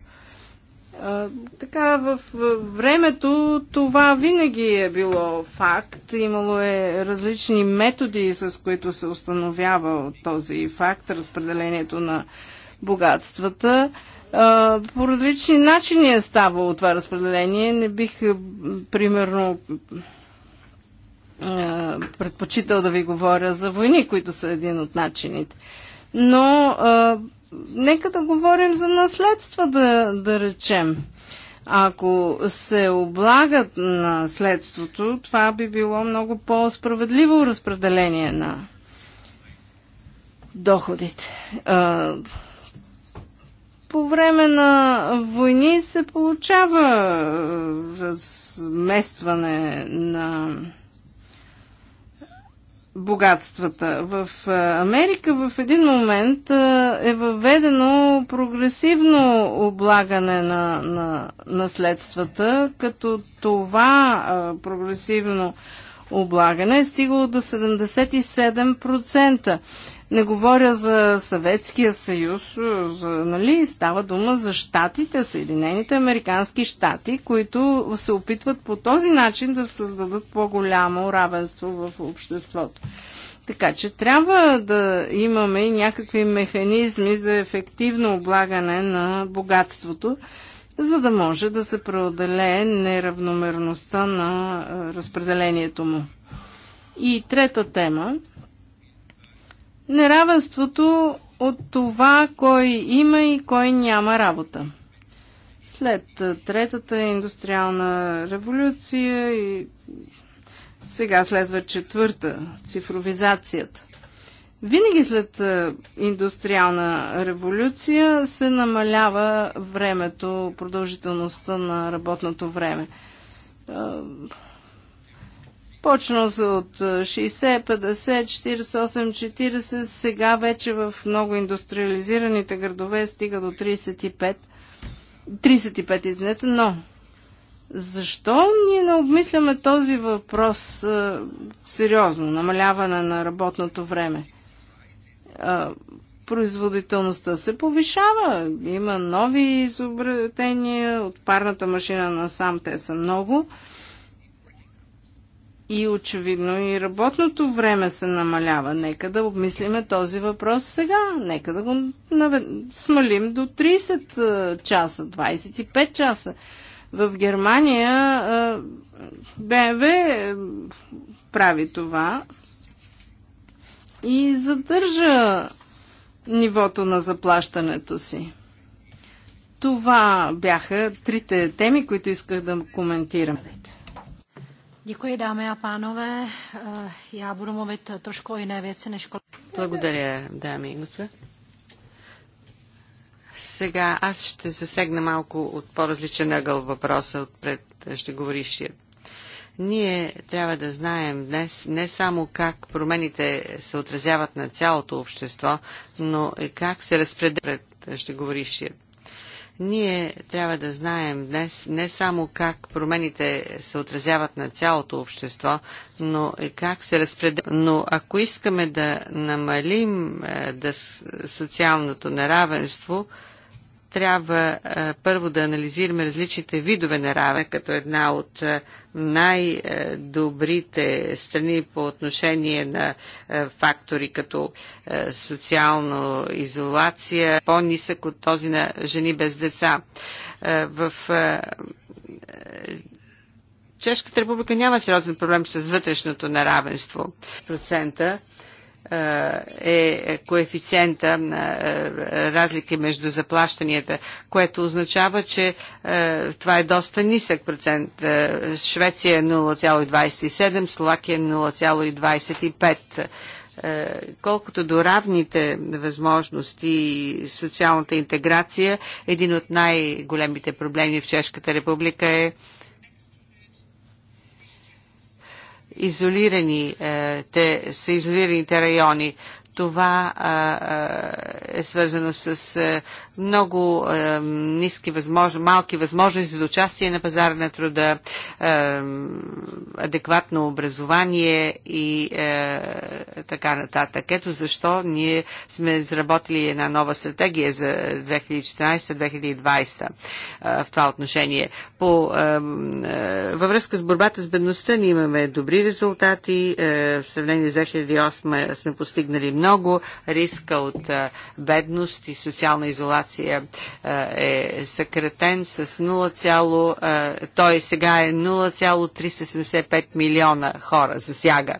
А, така, в времето това винаги е било факт. Имало е различни методи, с които се установява този факт, разпределението на богатствата. А, по различни начини е ставало това разпределение. Не бих, примерно, предпочитал да ви говоря за войни, които са един от начините. Но а, нека да говорим за наследства, да, да речем. Ако се облагат на следството, това би било много по-справедливо разпределение на доходите. А, по време на войни се получава разместване на богатствата. В Америка в един момент е въведено прогресивно облагане на, на наследствата, като това прогресивно облагане е стигало до 77%. Не говоря за Съветския съюз, е, за, нали, става дума за щатите, Съединените Американски щати, които се опитват по този начин да създадат по-голямо равенство в обществото. Така че трябва да имаме някакви механизми за ефективно облагане на богатството, за да може да се преодолее неравномерността на е, разпределението му. И трета тема Неравенството от това кой има и кой няма работа. След третата индустриална революция и сега следва четвърта цифровизацията. Винаги след индустриална революция се намалява времето, продължителността на работното време. Почнал се от 60, 50, 48, 40, сега вече в много индустриализираните градове стига до 35. 35, извинете, но защо ние не обмисляме този въпрос а, сериозно, намаляване на работното време? А, производителността се повишава, има нови изобретения, от парната машина насам те са много. А, и очевидно и работното време се намалява. Нека да обмислиме този въпрос сега. Нека да го смалим до 30 часа, 25 часа. В Германия БМВ прави това и задържа нивото на заплащането си. Това бяха трите теми, които исках да коментирам. Děkuji, dámy a pánové. Eh, já budu mluvit trošku o jiné věci než Благодаря, дами и господа. Сега аз ще засегна малко от по-различен ъгъл въпроса от преждеговорившия. Ние трябва да знаем днес не само как промените се отразяват на цялото общество, но и как се разпределят пред преждеговорившият. Ние трябва да знаем днес не само как промените се отразяват на цялото общество, но и как се разпределят. Но ако искаме да намалим е, да, социалното неравенство, трябва е, първо да анализираме различните видове на равен като една от е, най-добрите страни по отношение на е, фактори като социална изолация, по-нисък от този на жени без деца. В Чешката република няма сериозен проблем с вътрешното наравенство. Процента е, е коефициента на е, разлики между заплащанията, което означава, че е, това е доста нисък процент. Швеция е 0,27, Словакия е 0,25 колкото до равните възможности и социалната интеграция, един от най-големите проблеми в Чешката република е изолирани, е, те са изолирани те райони. Това е свързано с много ниски възможно, малки възможности за участие на пазара на труда, адекватно образование и така нататък. Ето защо ние сме заработили една нова стратегия за 2014-2020 в това отношение. По, във връзка с борбата с бедността ние имаме добри резултати. В сравнение с 2008 сме постигнали много много риска от бедност и социална изолация е съкратен с 0, той сега е 0,375 милиона хора засяга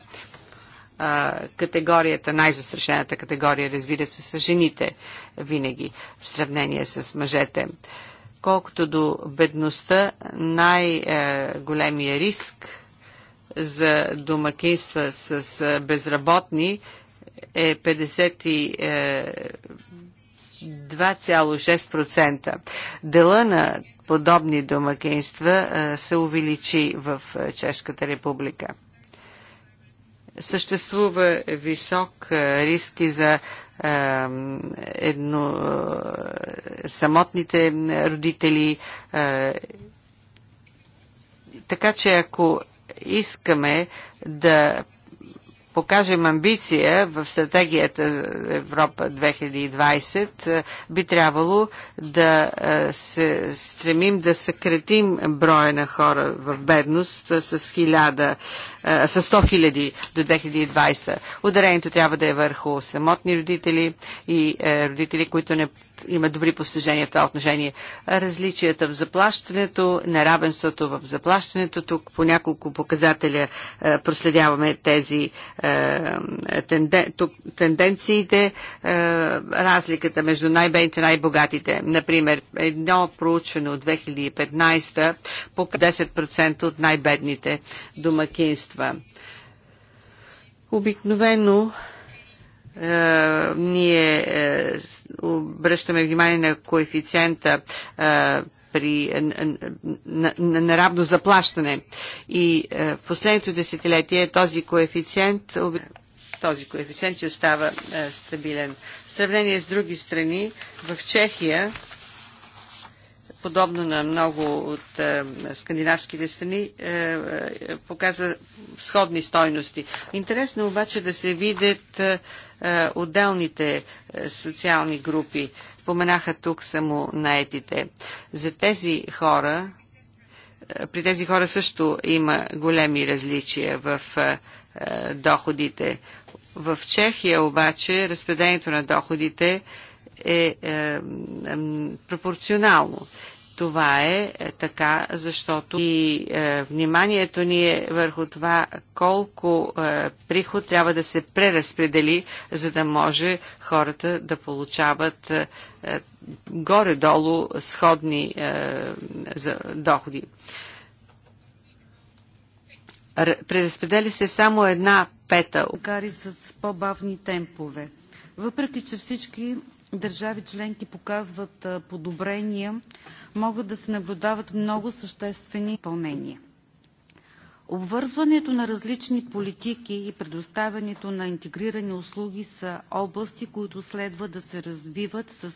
категорията, най-застрашената категория, разбира се, са жените винаги в сравнение с мъжете. Колкото до бедността, най-големия риск за домакинства с безработни е 52,6%. Е, Дела на подобни домакинства е, се увеличи в е, Чешката република. Съществува висок риск и за едно, самотните родители. Така че ако искаме да покажем амбиция в стратегията Европа 2020, е, би трябвало да е, се стремим да съкретим броя на хора в бедност е, с хиляда с 100 хиляди до 2020. Ударението трябва да е върху самотни родители и е, родители, които не имат добри постижения в това отношение. Различията в заплащането, неравенството в заплащането, тук по няколко показателя е, проследяваме тези е, тенденциите, разликата между най-бедните и най-богатите. Например, едно проучване от 2015 по 10% от най-бедните домакинства средства. Обикновено е, ние е, обръщаме внимание на коефициента е, при е, на, заплащане. И е, в последното десетилетие този коефициент, този коефициент ще остава е, стабилен. В сравнение с други страни, в Чехия подобно на много от е, скандинавските страни, е, е, показва сходни стойности. Интересно е обаче да се видят е, е отделните е, социални групи. Поменаха тук само наетите. За тези хора, е, при тези хора също има големи различия в е, е, доходите. В Чехия обаче разпределението на доходите е, е, е пропорционално. Това е, е така, защото и е, вниманието ни е върху това колко е, приход трябва да се преразпредели, за да може хората да получават е, е горе-долу сходни е, за, доходи. Преразпредели се само една пета. Гари с по-бавни темпове. Въпреки, че всички държави членки показват е, подобрения, могат да се наблюдават много съществени пълнения. Обвързването на различни политики и предоставянето на интегрирани услуги са области, които следва да се развиват с